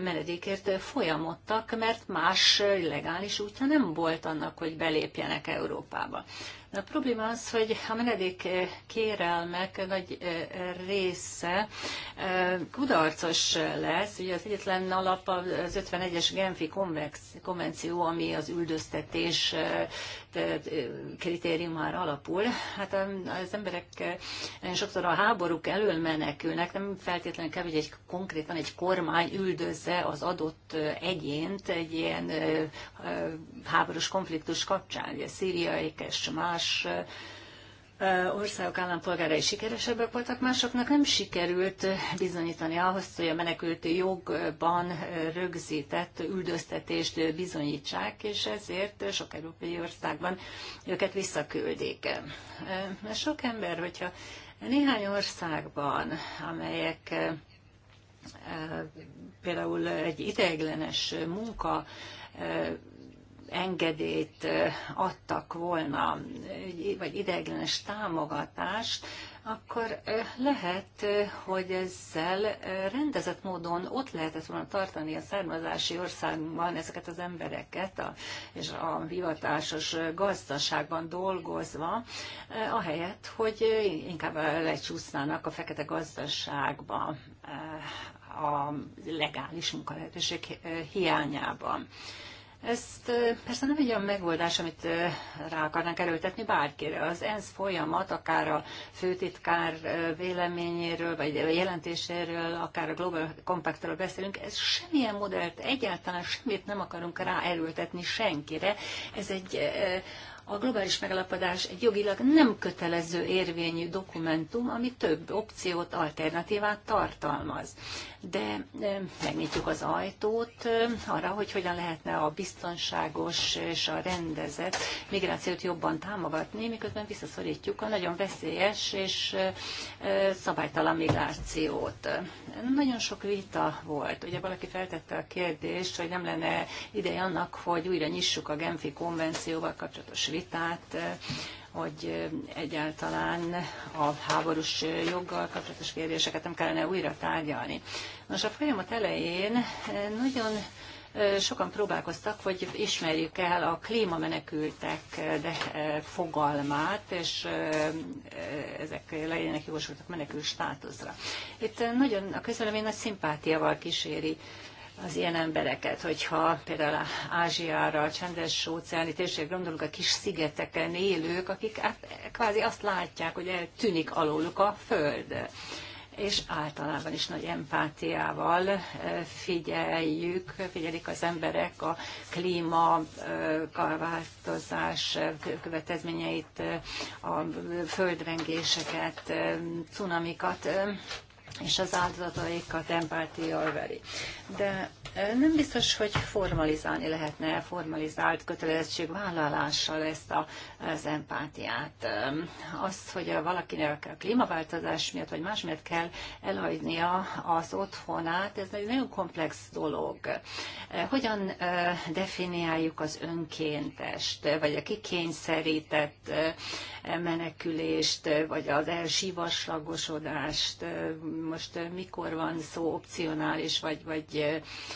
menedékért folyamodtak, mert más legális útja nem volt annak, hogy belépjenek Európába. A probléma az, hogy a menedék eh, kérelmek nagy eh, része eh, kudarcos lesz. Ugye az egyetlen alap az 51-es Genfi konvenció, ami az üldöztetés már alapul. Hát az emberek sokszor a háborúk elől menekülnek, nem feltétlenül kell, hogy egy konkrétan egy kormány üldözze az adott egyént egy ilyen háborús konfliktus kapcsán. Ugye szíriaik és más országok állampolgárai sikeresebbek voltak, másoknak nem sikerült bizonyítani ahhoz, hogy a menekült jogban rögzített üldöztetést bizonyítsák, és ezért sok európai országban őket visszaküldik. Mert sok ember, hogyha néhány országban, amelyek például egy ideiglenes munka engedélyt adtak volna, vagy ideiglenes támogatást, akkor lehet, hogy ezzel rendezett módon ott lehetett volna tartani a származási országban ezeket az embereket, a, és a hivatásos gazdaságban dolgozva, ahelyett, hogy inkább lecsúsznának a fekete gazdaságba a legális munkalehetőség hiányában. Ezt persze nem egy olyan megoldás, amit rá akarnak erőltetni bárkire. Az ENSZ folyamat, akár a főtitkár véleményéről, vagy jelentéséről, akár a Global Compactról beszélünk, ez semmilyen modellt, egyáltalán semmit nem akarunk rá erőltetni senkire. Ez egy a globális megalapodás egy jogilag nem kötelező érvényű dokumentum, ami több opciót, alternatívát tartalmaz. De megnyitjuk az ajtót arra, hogy hogyan lehetne a biztonságos és a rendezett migrációt jobban támogatni, miközben visszaszorítjuk a nagyon veszélyes és szabálytalan migrációt. Nagyon sok vita volt. Ugye valaki feltette a kérdést, hogy nem lenne ideje annak, hogy újra nyissuk a Genfi konvencióval kapcsolatos vitát, eh, hogy eh, egyáltalán a háborús eh, joggal kapcsolatos kérdéseket nem kellene újra tárgyalni. Nos, a folyamat elején nagyon sokan próbálkoztak, hogy ismerjük el a klímamenekültek fogalmát, és ezek legyenek jogosultak menekül státuszra. Itt nagyon a közvélemény nagy szimpátiával kíséri az ilyen embereket, hogyha például Ázsiára, a csendes óceáni térségre gondolunk, a kis szigeteken élők, akik hát kvázi azt látják, hogy eltűnik alóluk a föld és általában is nagy empátiával eh, figyeljük, figyelik az emberek a klíma eh, változás eh, következményeit, a földrengéseket, cunamikat és az áldozataikat empátia öveli. De nem biztos, hogy formalizálni lehetne formalizált kötelezettségvállalással ezt a, az empátiát. Az, hogy valakinek a klímaváltozás miatt vagy más miatt kell elhagynia az otthonát, ez egy nagyon komplex dolog. Hogyan definiáljuk az önkéntest, vagy a kikényszerített menekülést, vagy az elsivaslagosodást, most mikor van szó opcionális, vagy, vagy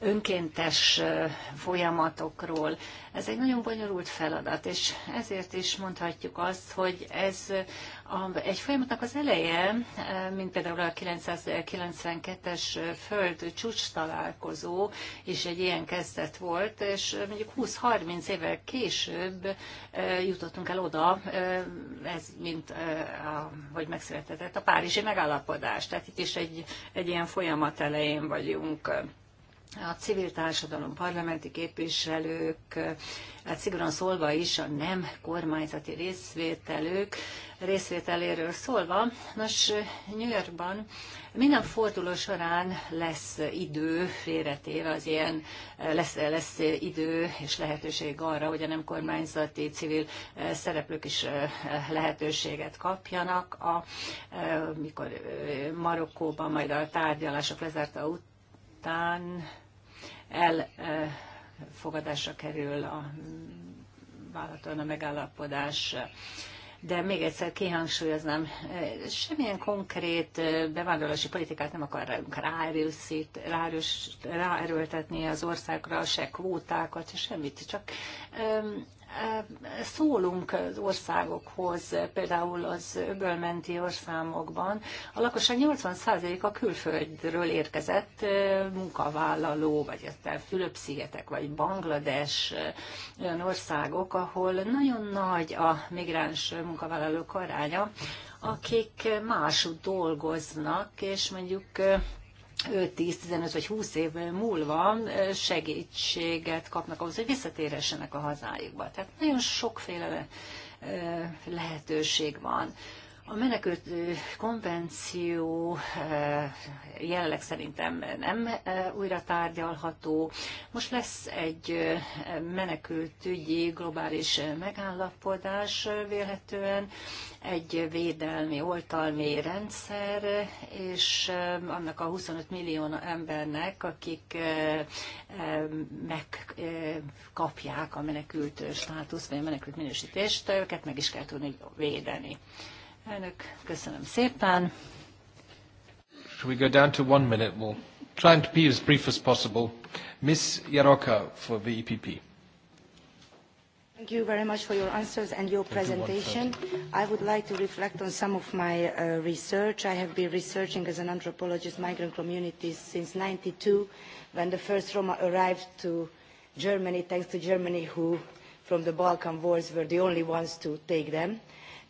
önkéntes folyamatokról. Ez egy nagyon bonyolult feladat, és ezért is mondhatjuk azt, hogy ez a, egy folyamatnak az eleje, mint például a 992-es föld csúcs találkozó is egy ilyen kezdet volt, és mondjuk 20-30 évvel később jutottunk el oda, ez mint, a, hogy megszületett a Párizsi megállapodás. Tehát itt is egy, egy ilyen folyamat elején vagyunk a civil társadalom, parlamenti képviselők, hát szigorúan szólva is a nem kormányzati részvételők részvételéről szólva. Nos, New Yorkban minden forduló során lesz idő, félretéve az ilyen, lesz, lesz idő és lehetőség arra, hogy a nem kormányzati civil eh, szereplők is eh, lehetőséget kapjanak, a, eh, mikor Marokkóban majd a tárgyalások lezárta után, után elfogadásra kerül a vállalaton a megállapodás. De még egyszer kihangsúlyoznám, semmilyen konkrét bevándorlási politikát nem akarunk ráerőszít, ráerős, ráerőltetni az országra, se kvótákat, se semmit, csak szólunk az országokhoz, például az öbölmenti országokban. A lakosság 80%-a külföldről érkezett munkavállaló, vagy a Fülöp-szigetek, vagy Banglades olyan országok, ahol nagyon nagy a migráns munkavállalók aránya, akik másút dolgoznak, és mondjuk 5-10-15 vagy 20 év múlva segítséget kapnak ahhoz, hogy visszatérhessenek a hazájukba. Tehát nagyon sokféle lehetőség van. A menekült konvenció jelenleg szerintem nem újra tárgyalható. Most lesz egy menekültügyi globális megállapodás vélhetően, egy védelmi, oltalmi rendszer, és annak a 25 millió embernek, akik megkapják a menekült státusz, vagy a menekült minősítést, őket meg is kell tudni védeni. Elnök, köszönöm szépen. Should we go down to one minute? We'll try and be as brief as possible. Ms. Yaroka for the EPP. Thank you very much for your answers and your presentation. I would like to reflect on some of my uh, research. I have been researching as an anthropologist migrant communities since 92 when the first Roma arrived to Germany, thanks to Germany who from the Balkan Wars were the only ones to take them. Uh,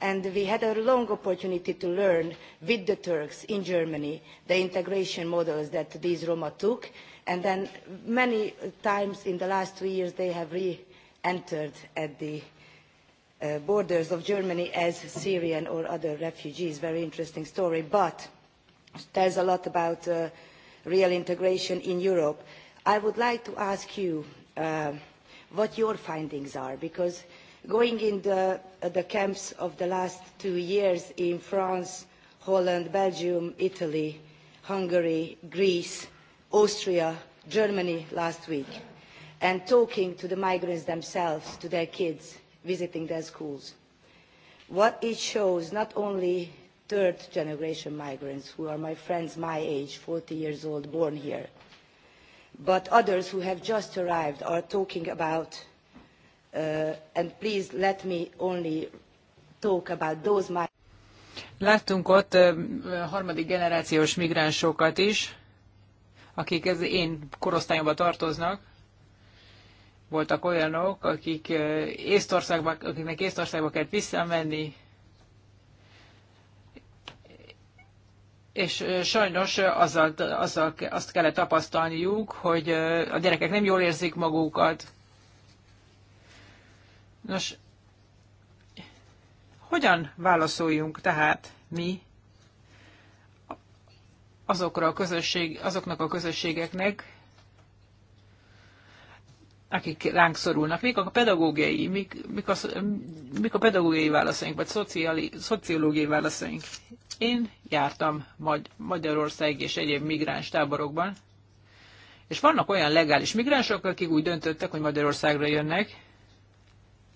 and we had a long opportunity to learn with the Turks in Germany the integration models that these Roma took, and then many times in the last two years they have re-entered at the uh, borders of Germany as Syrian or other refugees. Very interesting story, but it tells a lot about uh, real integration in Europe. I would like to ask you uh, what your findings are, because going in the, the camps of the last two years in France, Holland, Belgium, Italy, Hungary, Greece, Austria, Germany last week, and talking to the migrants themselves, to their kids, visiting their schools. What it shows, not only third generation migrants who are my friends my age, 40 years old, born here, but others who have just arrived are talking about Uh, and please let me only talk about those Láttunk ott harmadik generációs migránsokat is, akik az én korosztályomba tartoznak. Voltak olyanok, akik Észtországba, akiknek Észtországba kellett visszamenni, és sajnos azzal, azzal azt kellett tapasztalniuk, hogy a gyerekek nem jól érzik magukat, Nos, hogyan válaszoljunk tehát mi azokra a közösség, azoknak a közösségeknek, akik ránk szorulnak, mik a pedagógiai, mik, mik, a, mik a pedagógiai válaszaink, vagy szociali, szociológiai válaszaink. Én jártam Magy- Magyarország és egyéb migráns táborokban, és vannak olyan legális migránsok, akik úgy döntöttek, hogy Magyarországra jönnek,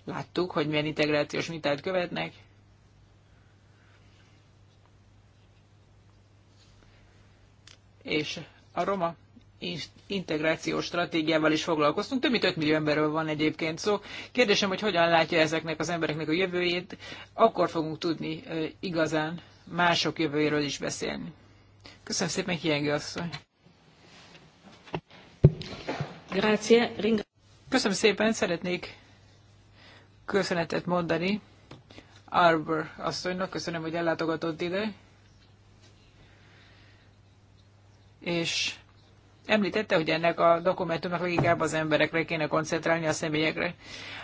Láttuk, hogy milyen integrációs mintát követnek. És a roma integrációs stratégiával is foglalkoztunk. Több mint 5 millió emberről van egyébként szó. Kérdésem, hogy hogyan látja ezeknek az embereknek a jövőjét, akkor fogunk tudni igazán mások jövőjéről is beszélni. Köszönöm szépen, Hiengi asszony. Grazie. Köszönöm szépen, szeretnék köszönetet mondani Arbor asszonynak, köszönöm, hogy ellátogatott ide, és említette, hogy ennek a dokumentumnak leginkább az emberekre kéne koncentrálni, a személyekre.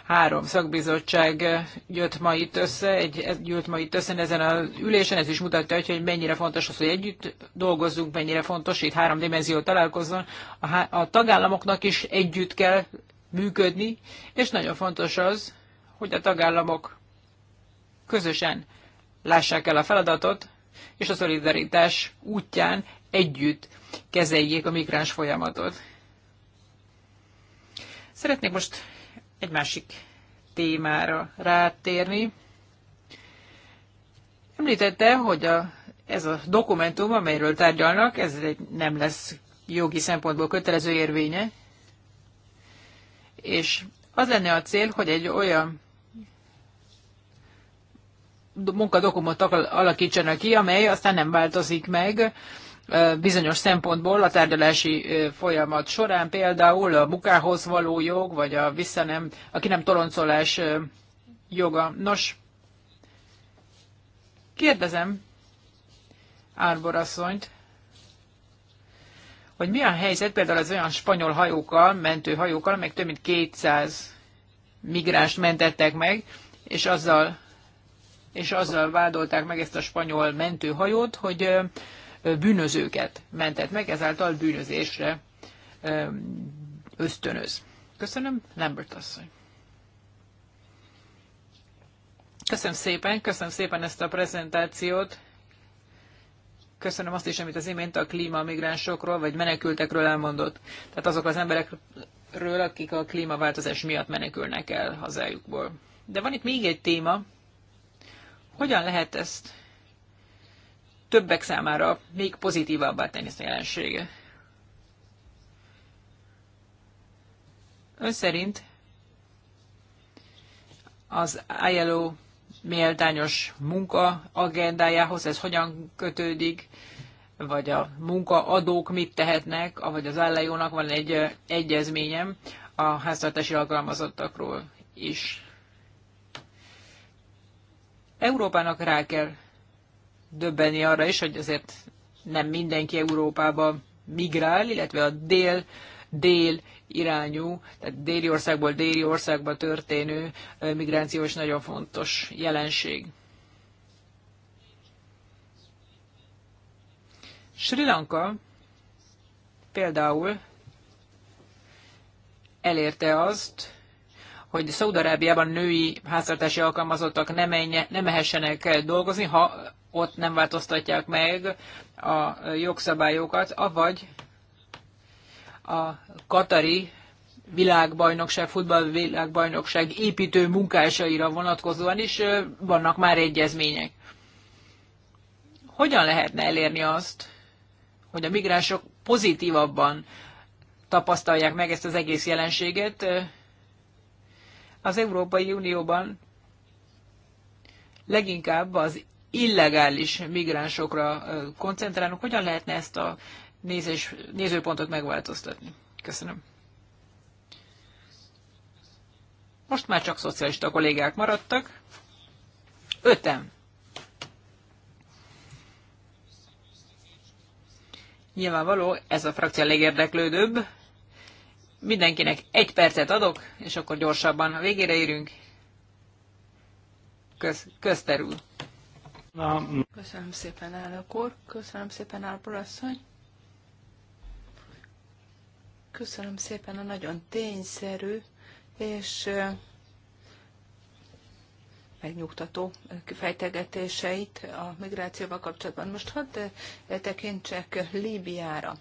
Három szakbizottság jött ma itt össze, egy, gyűlt ma itt össze ezen a ülésen, ez is mutatja, hogy mennyire fontos az, hogy együtt dolgozzunk, mennyire fontos, itt három dimenzió találkozzon. A, a tagállamoknak is együtt kell működni, és nagyon fontos az, hogy a tagállamok közösen lássák el a feladatot, és a szolidaritás útján együtt kezeljék a migráns folyamatot. Szeretnék most egy másik témára rátérni. Említette, hogy a, ez a dokumentum, amelyről tárgyalnak, ez egy, nem lesz jogi szempontból kötelező érvénye, és az lenne a cél, hogy egy olyan munkadokumot alakítsanak ki, amely aztán nem változik meg bizonyos szempontból a tárgyalási folyamat során, például a munkához való jog, vagy a vissza nem, aki nem toloncolás joga. Nos, kérdezem Árbor asszonyt, hogy milyen helyzet például az olyan spanyol hajókkal, hajókkal, meg több mint 200 migránst mentettek meg, és azzal és azzal vádolták meg ezt a spanyol mentőhajót, hogy bűnözőket mentett meg, ezáltal bűnözésre ösztönöz. Köszönöm, Lambert asszony. Köszönöm szépen, köszönöm szépen ezt a prezentációt. Köszönöm azt is, amit az imént a klímamigránsokról vagy menekültekről elmondott. Tehát azok az emberekről, akik a klímaváltozás miatt menekülnek el hazájukból. De van itt még egy téma, hogyan lehet ezt többek számára még pozitívabbá tenni ezt a jelenséget? Ön szerint az ILO méltányos munka agendájához ez hogyan kötődik, vagy a munkaadók mit tehetnek, vagy az ILO-nak van egy egyezményem a háztartási alkalmazottakról is. Európának rá kell döbbenni arra is, hogy azért nem mindenki Európába migrál, illetve a dél, dél irányú, tehát déli országból déli országba történő migráció is nagyon fontos jelenség. Sri Lanka például elérte azt, hogy Szaudarábiában női háztartási alkalmazottak ne, menje, ne mehessenek dolgozni, ha ott nem változtatják meg a jogszabályokat, avagy a katari világbajnokság, futballvilágbajnokság építő munkásaira vonatkozóan is vannak már egyezmények. Hogyan lehetne elérni azt, hogy a migránsok pozitívabban tapasztalják meg ezt az egész jelenséget, az Európai Unióban leginkább az illegális migránsokra koncentrálunk. Hogyan lehetne ezt a nézés, nézőpontot megváltoztatni? Köszönöm. Most már csak szocialista kollégák maradtak. Ötem. Nyilvánvaló, ez a frakció legérdeklődőbb, Mindenkinek egy percet adok, és akkor gyorsabban a végére érünk. Köz, közterül. Köszönöm szépen, elnök úr. Köszönöm szépen, Árbor asszony. Köszönöm szépen a nagyon tényszerű és megnyugtató fejtegetéseit a migrációval kapcsolatban. Most hadd tekintsek Líbiára.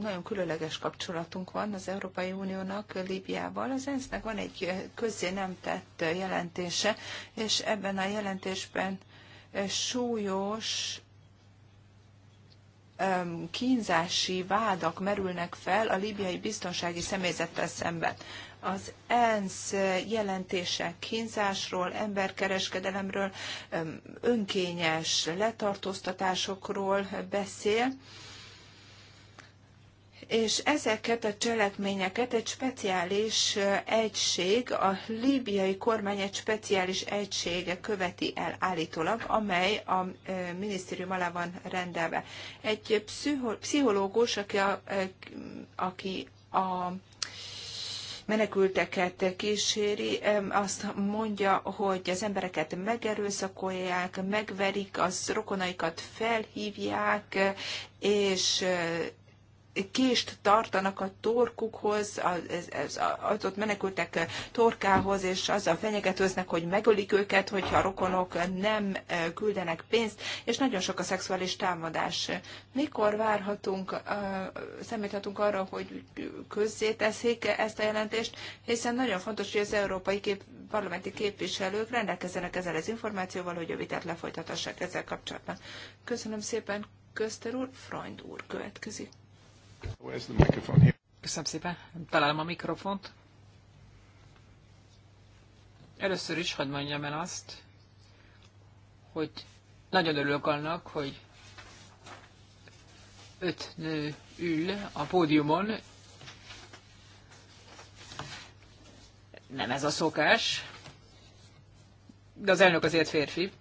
Nagyon különleges kapcsolatunk van az Európai Uniónak Líbiával. Az ENSZ-nek van egy közzé nem tett jelentése, és ebben a jelentésben súlyos kínzási vádak merülnek fel a líbiai biztonsági személyzettel szemben. Az ENSZ jelentése kínzásról, emberkereskedelemről, önkényes letartóztatásokról beszél, és ezeket a cselekményeket egy speciális egység, a líbiai kormány egy speciális egysége követi el állítólag, amely a e, minisztérium alá van rendelve. Egy pszichológus, aki a, e, aki a menekülteket kíséri, azt mondja, hogy az embereket megerőszakolják, megverik, az rokonaikat felhívják, és kést tartanak a torkukhoz, az, az, az ott menekültek torkához, és azzal fenyegetőznek, hogy megölik őket, hogyha a rokonok nem e, küldenek pénzt, és nagyon sok a szexuális támadás. Mikor várhatunk, e, szemíthatunk arra, hogy közzéteszik ezt a jelentést, hiszen nagyon fontos, hogy az európai kép, parlamenti képviselők rendelkezzenek ezzel az információval, hogy a vitát lefolytathassák ezzel kapcsolatban. Köszönöm szépen, Köszter úr, Freund úr következik. Köszönöm szépen. Találom a mikrofont. Először is hadd mondjam el azt, hogy nagyon örülök annak, hogy öt nő ül a pódiumon. Nem ez a szokás, de az elnök azért férfi.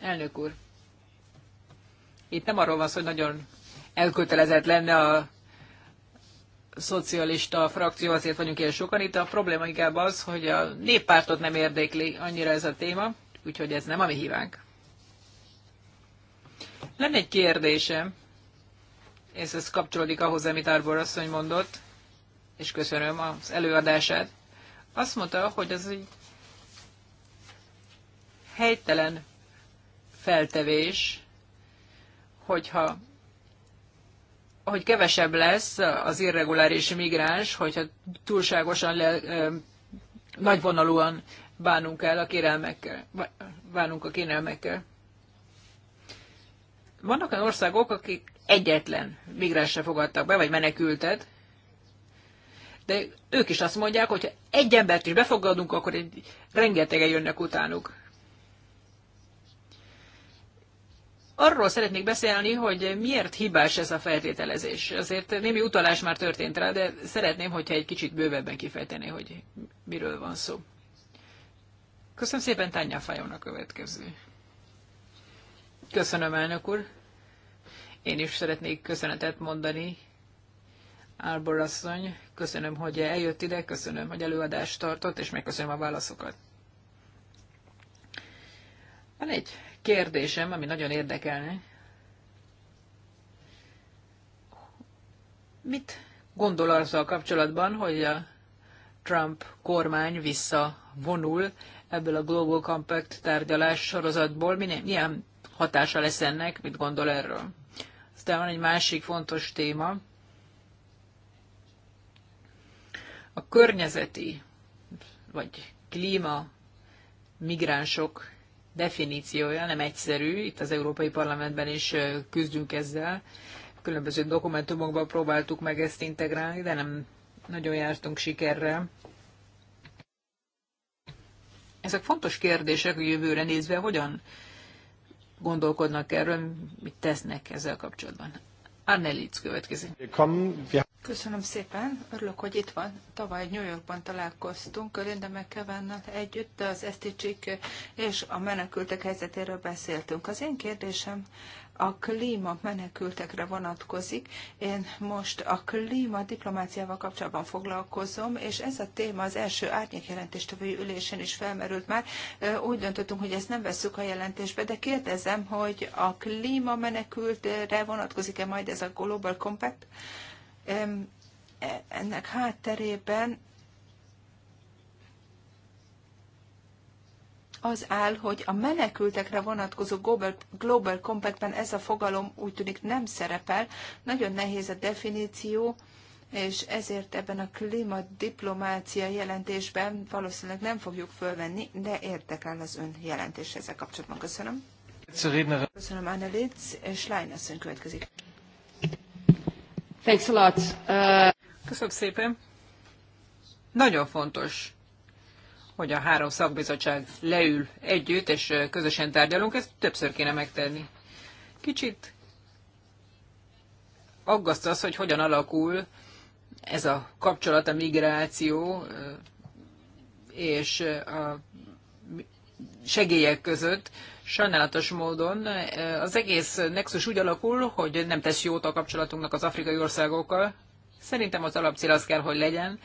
Elnök úr, itt nem arról van szó, hogy nagyon elkötelezett lenne a szocialista frakció, azért vagyunk ilyen sokan itt. A probléma inkább az, hogy a néppártot nem érdekli annyira ez a téma, úgyhogy ez nem a mi hívánk. Lenne egy kérdésem, és ez kapcsolódik ahhoz, amit Árbor asszony mondott, és köszönöm az előadását. Azt mondta, hogy ez egy helytelen feltevés, hogyha hogy kevesebb lesz az irreguláris migráns, hogyha túlságosan le, nagyvonalúan bánunk el a kérelmekkel, bánunk a kérelmekkel. Vannak olyan országok, akik egyetlen migránsra fogadtak be, vagy menekültet, de ők is azt mondják, hogy ha egy embert is befogadunk, akkor egy, rengetegen jönnek utánuk. Arról szeretnék beszélni, hogy miért hibás ez a feltételezés. Azért némi utalás már történt rá, de szeretném, hogyha egy kicsit bővebben kifejtené, hogy miről van szó. Köszönöm szépen, Tanya Fajon a következő. Köszönöm, elnök úr. Én is szeretnék köszönetet mondani. Árbor asszony, köszönöm, hogy eljött ide, köszönöm, hogy előadást tartott, és megköszönöm a válaszokat. Van egy kérdésem, ami nagyon érdekelne. Mit gondol azzal kapcsolatban, hogy a Trump kormány visszavonul ebből a Global Compact tárgyalás sorozatból? Milyen, milyen hatása lesz ennek? Mit gondol erről? Aztán van egy másik fontos téma. A környezeti vagy klíma migránsok definíciója nem egyszerű, itt az Európai Parlamentben is küzdünk ezzel. Különböző dokumentumokban próbáltuk meg ezt integrálni, de nem nagyon jártunk sikerrel. Ezek fontos kérdések a jövőre nézve, hogyan gondolkodnak erről, mit tesznek ezzel kapcsolatban. Arne következik. Köszönöm szépen, örülök, hogy itt van. Tavaly New Yorkban találkoztunk, Linda mckevan együtt az eszticsik és a menekültek helyzetéről beszéltünk. Az én kérdésem a klíma menekültekre vonatkozik. Én most a klíma diplomáciával kapcsolatban foglalkozom, és ez a téma az első árnyékjelentéstevői ülésen is felmerült már. Úgy döntöttünk, hogy ezt nem veszük a jelentésbe, de kérdezem, hogy a klíma menekültre vonatkozik-e majd ez a Global Compact? E, ennek hátterében az áll, hogy a menekültekre vonatkozó Global, Global Compactben ez a fogalom úgy tűnik nem szerepel, nagyon nehéz a definíció, és ezért ebben a klímadiplomácia jelentésben valószínűleg nem fogjuk fölvenni, de érdekel az ön jelentés ezzel kapcsolatban. Köszönöm. Köszönöm, Annelitz, és Lány következik. Thanks a lot. Uh... Köszönöm szépen. Nagyon fontos, hogy a három szakbizottság leül együtt, és uh, közösen tárgyalunk, ezt többször kéne megtenni. Kicsit aggaszt az, hogy hogyan alakul ez a kapcsolat, a migráció uh, és uh, a segélyek között sajnálatos módon eh, az egész nexus úgy alakul, hogy nem tesz jót a kapcsolatunknak az afrikai országokkal. Szerintem az alapcél az kell, hogy legyen,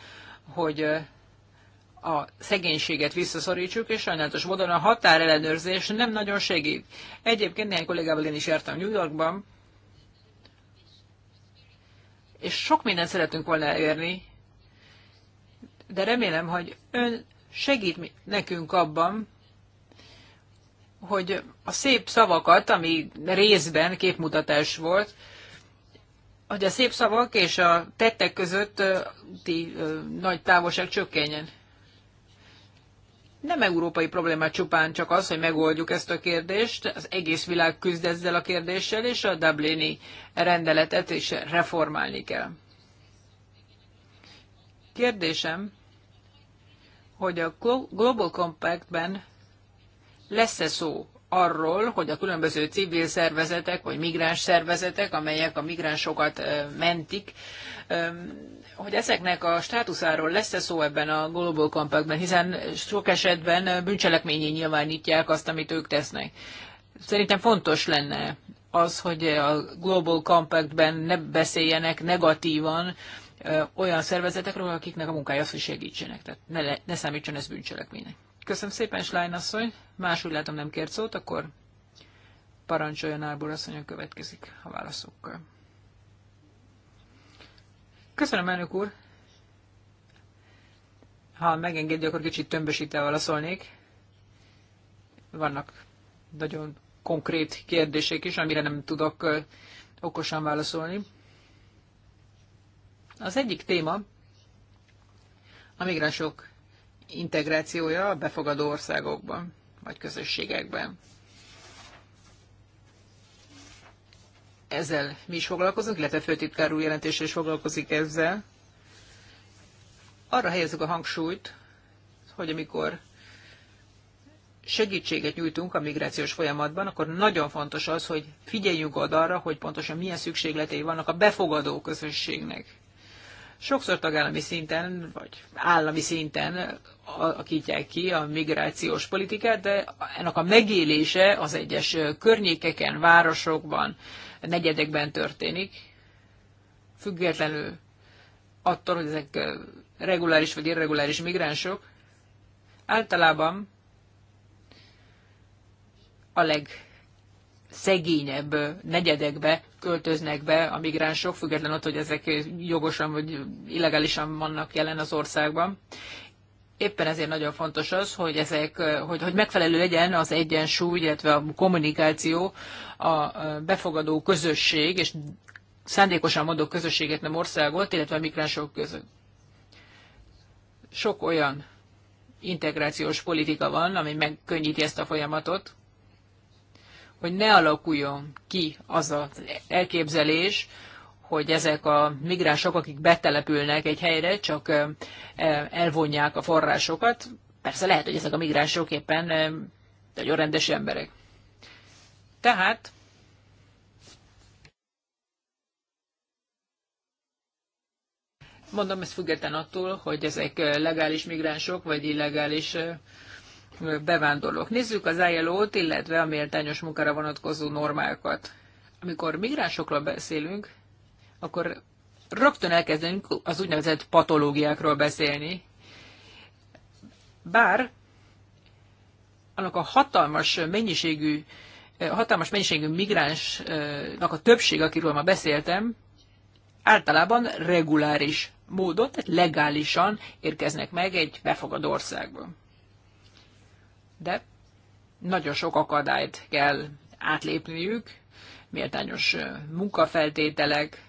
hogy eh, a szegénységet visszaszorítsuk, és sajnálatos módon a határellenőrzés nem nagyon segít. Egyébként néhány kollégával én is jártam New Yorkban, és sok mindent szeretünk volna elérni, de remélem, hogy ön segít nekünk abban, hogy a szép szavakat, ami részben képmutatás volt, hogy a szép szavak és a tettek között ti, nagy távolság csökkenjen. Nem európai problémát csupán csak az, hogy megoldjuk ezt a kérdést, az egész világ küzd ezzel a kérdéssel, és a Dublini rendeletet is reformálni kell. Kérdésem, hogy a Global Compactben lesz-e szó arról, hogy a különböző civil szervezetek, vagy migráns szervezetek, amelyek a migránsokat mentik, hogy ezeknek a státuszáról lesz-e szó ebben a Global Compactben, hiszen sok esetben bűncselekményé nyilvánítják azt, amit ők tesznek. Szerintem fontos lenne az, hogy a Global Compactben ne beszéljenek negatívan olyan szervezetekről, akiknek a munkája az, hogy segítsenek. Tehát ne, le, ne számítson ez bűncselekménynek. Köszönöm szépen, Slájn asszony. Más úgy látom nem kért szót, akkor parancsoljon Árbor asszony, következik a válaszokkal. Köszönöm, elnök úr. Ha megengedi, akkor kicsit tömbösítve válaszolnék. Vannak nagyon konkrét kérdések is, amire nem tudok okosan válaszolni. Az egyik téma a migránsok integrációja a befogadó országokban, vagy közösségekben. Ezzel mi is foglalkozunk, illetve főtitkár úr jelentése is foglalkozik ezzel. Arra helyezzük a hangsúlyt, hogy amikor segítséget nyújtunk a migrációs folyamatban, akkor nagyon fontos az, hogy figyeljünk oda arra, hogy pontosan milyen szükségletei vannak a befogadó közösségnek. Sokszor tagállami szinten, vagy állami szinten akítják ki a migrációs politikát, de ennek a megélése az egyes környékeken, városokban, negyedekben történik, függetlenül attól, hogy ezek reguláris vagy irreguláris migránsok, általában a legszegényebb negyedekbe költöznek be a migránsok, függetlenül attól, hogy ezek jogosan vagy illegálisan vannak jelen az országban. Éppen ezért nagyon fontos az, hogy, ezek, hogy, hogy megfelelő legyen az egyensúly, illetve a kommunikáció, a befogadó közösség, és szándékosan mondok közösséget, nem országot, illetve a migránsok között. Sok olyan integrációs politika van, ami megkönnyíti ezt a folyamatot hogy ne alakuljon ki az az elképzelés, hogy ezek a migránsok, akik betelepülnek egy helyre, csak elvonják a forrásokat. Persze lehet, hogy ezek a migránsok éppen nagyon rendes emberek. Tehát mondom ezt független attól, hogy ezek legális migránsok, vagy illegális bevándorlók. Nézzük az ILO-t, illetve a méltányos munkára vonatkozó normákat. Amikor migránsokról beszélünk, akkor rögtön elkezdünk az úgynevezett patológiákról beszélni. Bár annak a hatalmas mennyiségű hatalmas mennyiségű migránsnak a többség, akiről ma beszéltem, általában reguláris módon, tehát legálisan érkeznek meg egy befogadó országba de nagyon sok akadályt kell átlépniük, méltányos munkafeltételek,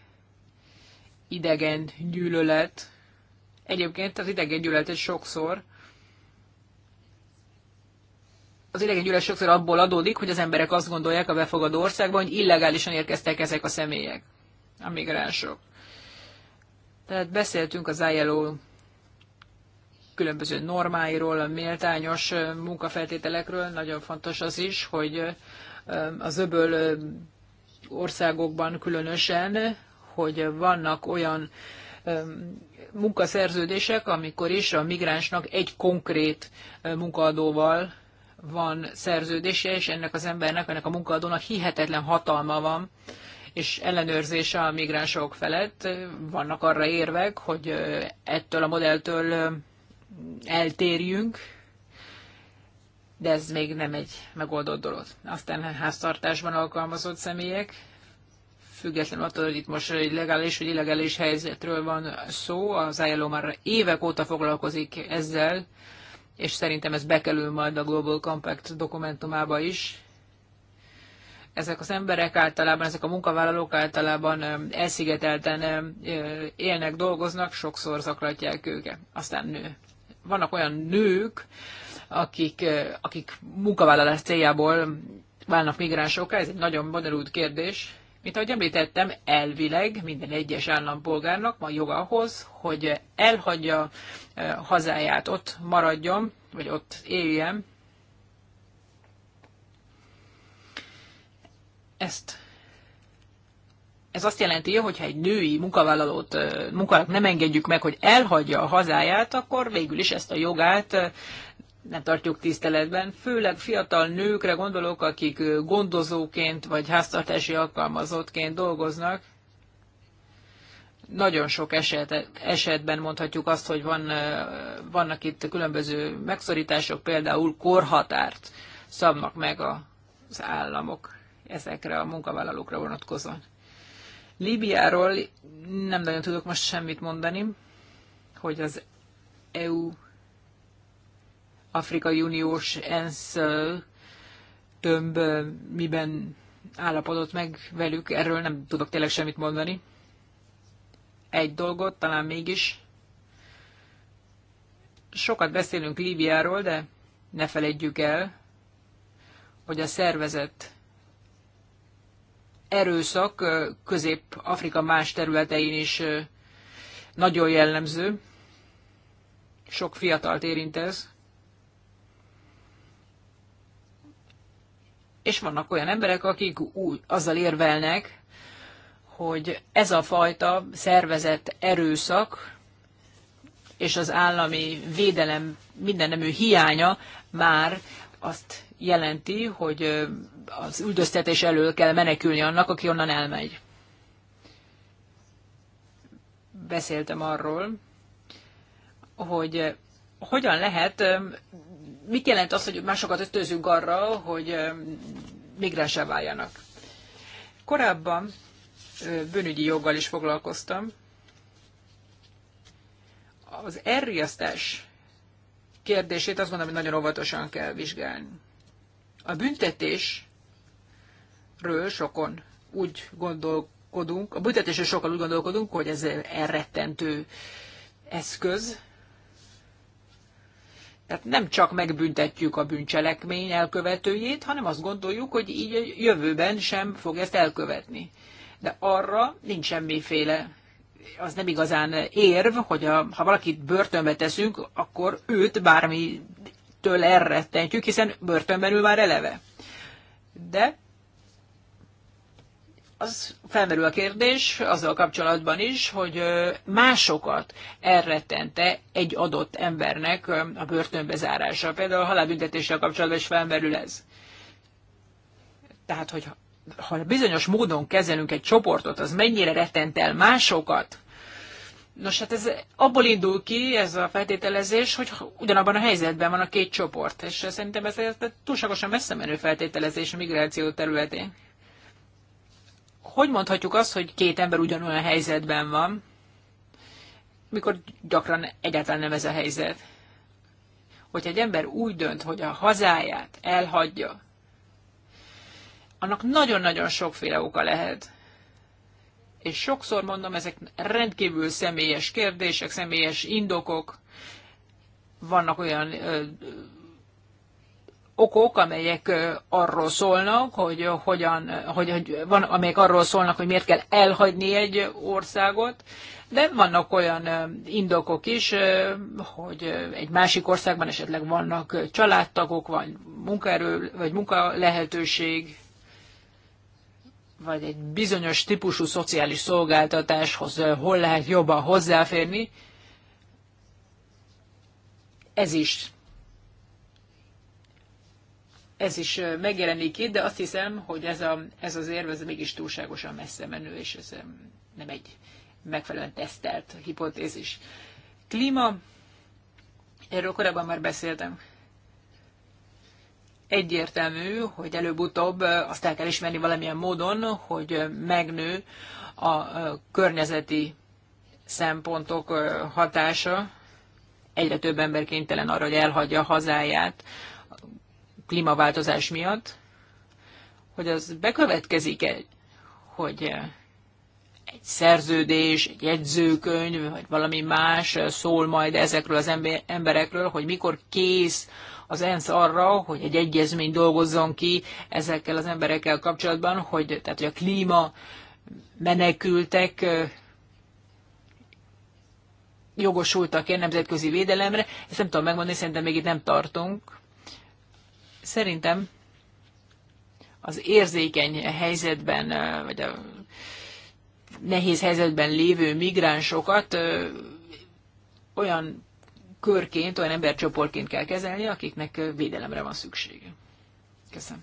idegen gyűlölet. Egyébként az idegen gyűlölet egy sokszor az idegen gyűlölet sokszor abból adódik, hogy az emberek azt gondolják a befogadó országban, hogy illegálisan érkeztek ezek a személyek, a migránsok. Tehát beszéltünk az ILO különböző normáiról, a méltányos munkafeltételekről. Nagyon fontos az is, hogy az öböl országokban különösen, hogy vannak olyan munkaszerződések, amikor is a migránsnak egy konkrét munkaadóval van szerződése, és ennek az embernek, ennek a munkaadónak hihetetlen hatalma van, és ellenőrzése a migránsok felett. Vannak arra érvek, hogy ettől a modelltől eltérjünk, de ez még nem egy megoldott dolog. Aztán háztartásban alkalmazott személyek, független attól, hogy itt most egy legális vagy illegális helyzetről van szó, az ILO már évek óta foglalkozik ezzel, és szerintem ez bekelül majd a Global Compact dokumentumába is. Ezek az emberek általában, ezek a munkavállalók általában um, elszigetelten um, élnek, dolgoznak, sokszor zaklatják őket. Aztán nő vannak olyan nők, akik, eh, akik munkavállalás céljából válnak migránsok, ez egy nagyon bonyolult kérdés. Mint ahogy említettem, elvileg minden egyes állampolgárnak van joga ahhoz, hogy elhagyja eh, hazáját, ott maradjon, vagy ott éljen. Ezt ez azt jelenti, hogy ha egy női munkavállalót munkának nem engedjük meg, hogy elhagyja a hazáját, akkor végül is ezt a jogát nem tartjuk tiszteletben. Főleg fiatal nőkre gondolok, akik gondozóként vagy háztartási alkalmazottként dolgoznak. Nagyon sok eset, esetben mondhatjuk azt, hogy van, vannak itt különböző megszorítások, például korhatárt szabnak meg az államok ezekre a munkavállalókra vonatkozóan. Líbiáról nem nagyon tudok most semmit mondani, hogy az EU Afrikai Uniós ENSZ tömb miben állapodott meg velük, erről nem tudok tényleg semmit mondani. Egy dolgot talán mégis. Sokat beszélünk Líbiáról, de ne felejtjük el, hogy a szervezet erőszak Közép-Afrika más területein is nagyon jellemző. Sok fiatalt érint ez. És vannak olyan emberek, akik úgy, azzal érvelnek, hogy ez a fajta szervezett erőszak és az állami védelem mindennemű hiánya már azt jelenti, hogy az üldöztetés elől kell menekülni annak, aki onnan elmegy. Beszéltem arról, hogy hogyan lehet, mit jelent az, hogy másokat ötözünk arra, hogy migránsá váljanak. Korábban bűnügyi joggal is foglalkoztam. Az elriasztás kérdését azt mondom, hogy nagyon óvatosan kell vizsgálni. A büntetés büntetésről sokon úgy gondolkodunk, a büntetésről sokan úgy gondolkodunk, hogy ez elrettentő eszköz. Tehát nem csak megbüntetjük a bűncselekmény elkövetőjét, hanem azt gondoljuk, hogy így a jövőben sem fog ezt elkövetni. De arra nincs semmiféle, az nem igazán érv, hogy a, ha valakit börtönbe teszünk, akkor őt bármitől elrettentjük, hiszen börtönben ül már eleve. De az felmerül a kérdés azzal kapcsolatban is, hogy másokat elrettente egy adott embernek a börtönbezárása. Például a halálbüntetéssel kapcsolatban is felmerül ez. Tehát, hogy ha bizonyos módon kezelünk egy csoportot, az mennyire retent el másokat? Nos, hát ez abból indul ki, ez a feltételezés, hogy ugyanabban a helyzetben van a két csoport, és szerintem ez túlságosan messze menő feltételezés a migráció területén hogy mondhatjuk azt, hogy két ember ugyanolyan helyzetben van, mikor gyakran egyáltalán nem ez a helyzet? Hogyha egy ember úgy dönt, hogy a hazáját elhagyja, annak nagyon-nagyon sokféle oka lehet. És sokszor mondom, ezek rendkívül személyes kérdések, személyes indokok, vannak olyan ö, okok, amelyek arról szólnak, hogy hogyan, hogy, hogy van, amelyek arról szólnak, hogy miért kell elhagyni egy országot, de vannak olyan indokok is, hogy egy másik országban esetleg vannak családtagok, vagy munkaerő, vagy munkalehetőség, vagy egy bizonyos típusú szociális szolgáltatáshoz hol lehet jobban hozzáférni. Ez is ez is megjelenik itt, de azt hiszem, hogy ez, a, ez az érv ez mégis túlságosan messze menő, és ez nem egy megfelelően tesztelt hipotézis. Klíma, erről korábban már beszéltem. Egyértelmű, hogy előbb-utóbb azt el kell ismerni valamilyen módon, hogy megnő a környezeti szempontok hatása. Egyre több ember kénytelen arra, hogy elhagyja hazáját, klímaváltozás miatt, hogy az bekövetkezik egy, hogy eh, egy szerződés, egy jegyzőkönyv, vagy valami más eh, szól majd ezekről az emberekről, hogy mikor kész az ENSZ arra, hogy egy egyezmény dolgozzon ki ezekkel az emberekkel kapcsolatban, hogy, tehát, hogy a klíma menekültek eh, jogosultak-e nemzetközi védelemre. Ezt nem tudom megmondani, szerintem még itt nem tartunk. Szerintem az érzékeny helyzetben, vagy a nehéz helyzetben lévő migránsokat olyan körként, olyan embercsoportként kell kezelni, akiknek védelemre van szüksége. Köszönöm.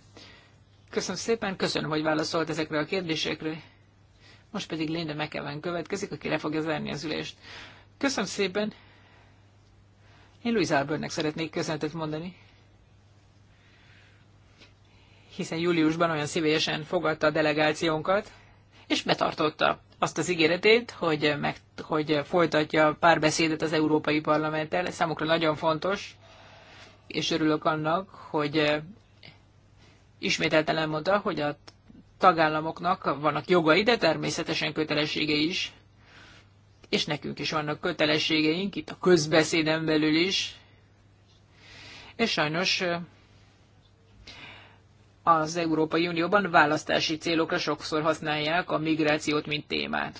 Köszönöm szépen, köszönöm, hogy válaszolt ezekre a kérdésekre. Most pedig Linda mekeven következik, aki le fogja zárni az ülést. Köszönöm szépen. Én Louis Albertnek szeretnék köszönetet mondani hiszen júliusban olyan szívesen fogadta a delegációnkat, és betartotta azt az ígéretét, hogy, meg, hogy folytatja párbeszédet az Európai Parlamenttel. Ez számukra nagyon fontos, és örülök annak, hogy ismételten elmondta, hogy a tagállamoknak vannak jogai, de természetesen kötelessége is, és nekünk is vannak kötelességeink, itt a közbeszéden belül is, és sajnos az Európai Unióban választási célokra sokszor használják a migrációt, mint témát.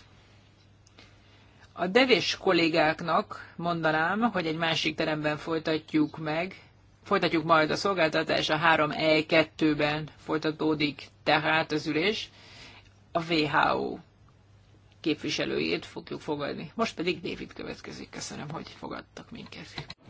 A devés kollégáknak mondanám, hogy egy másik teremben folytatjuk meg, folytatjuk majd a szolgáltatás, a 3E2-ben folytatódik tehát az ülés, a WHO képviselőjét fogjuk fogadni. Most pedig David következik. Köszönöm, hogy fogadtak minket.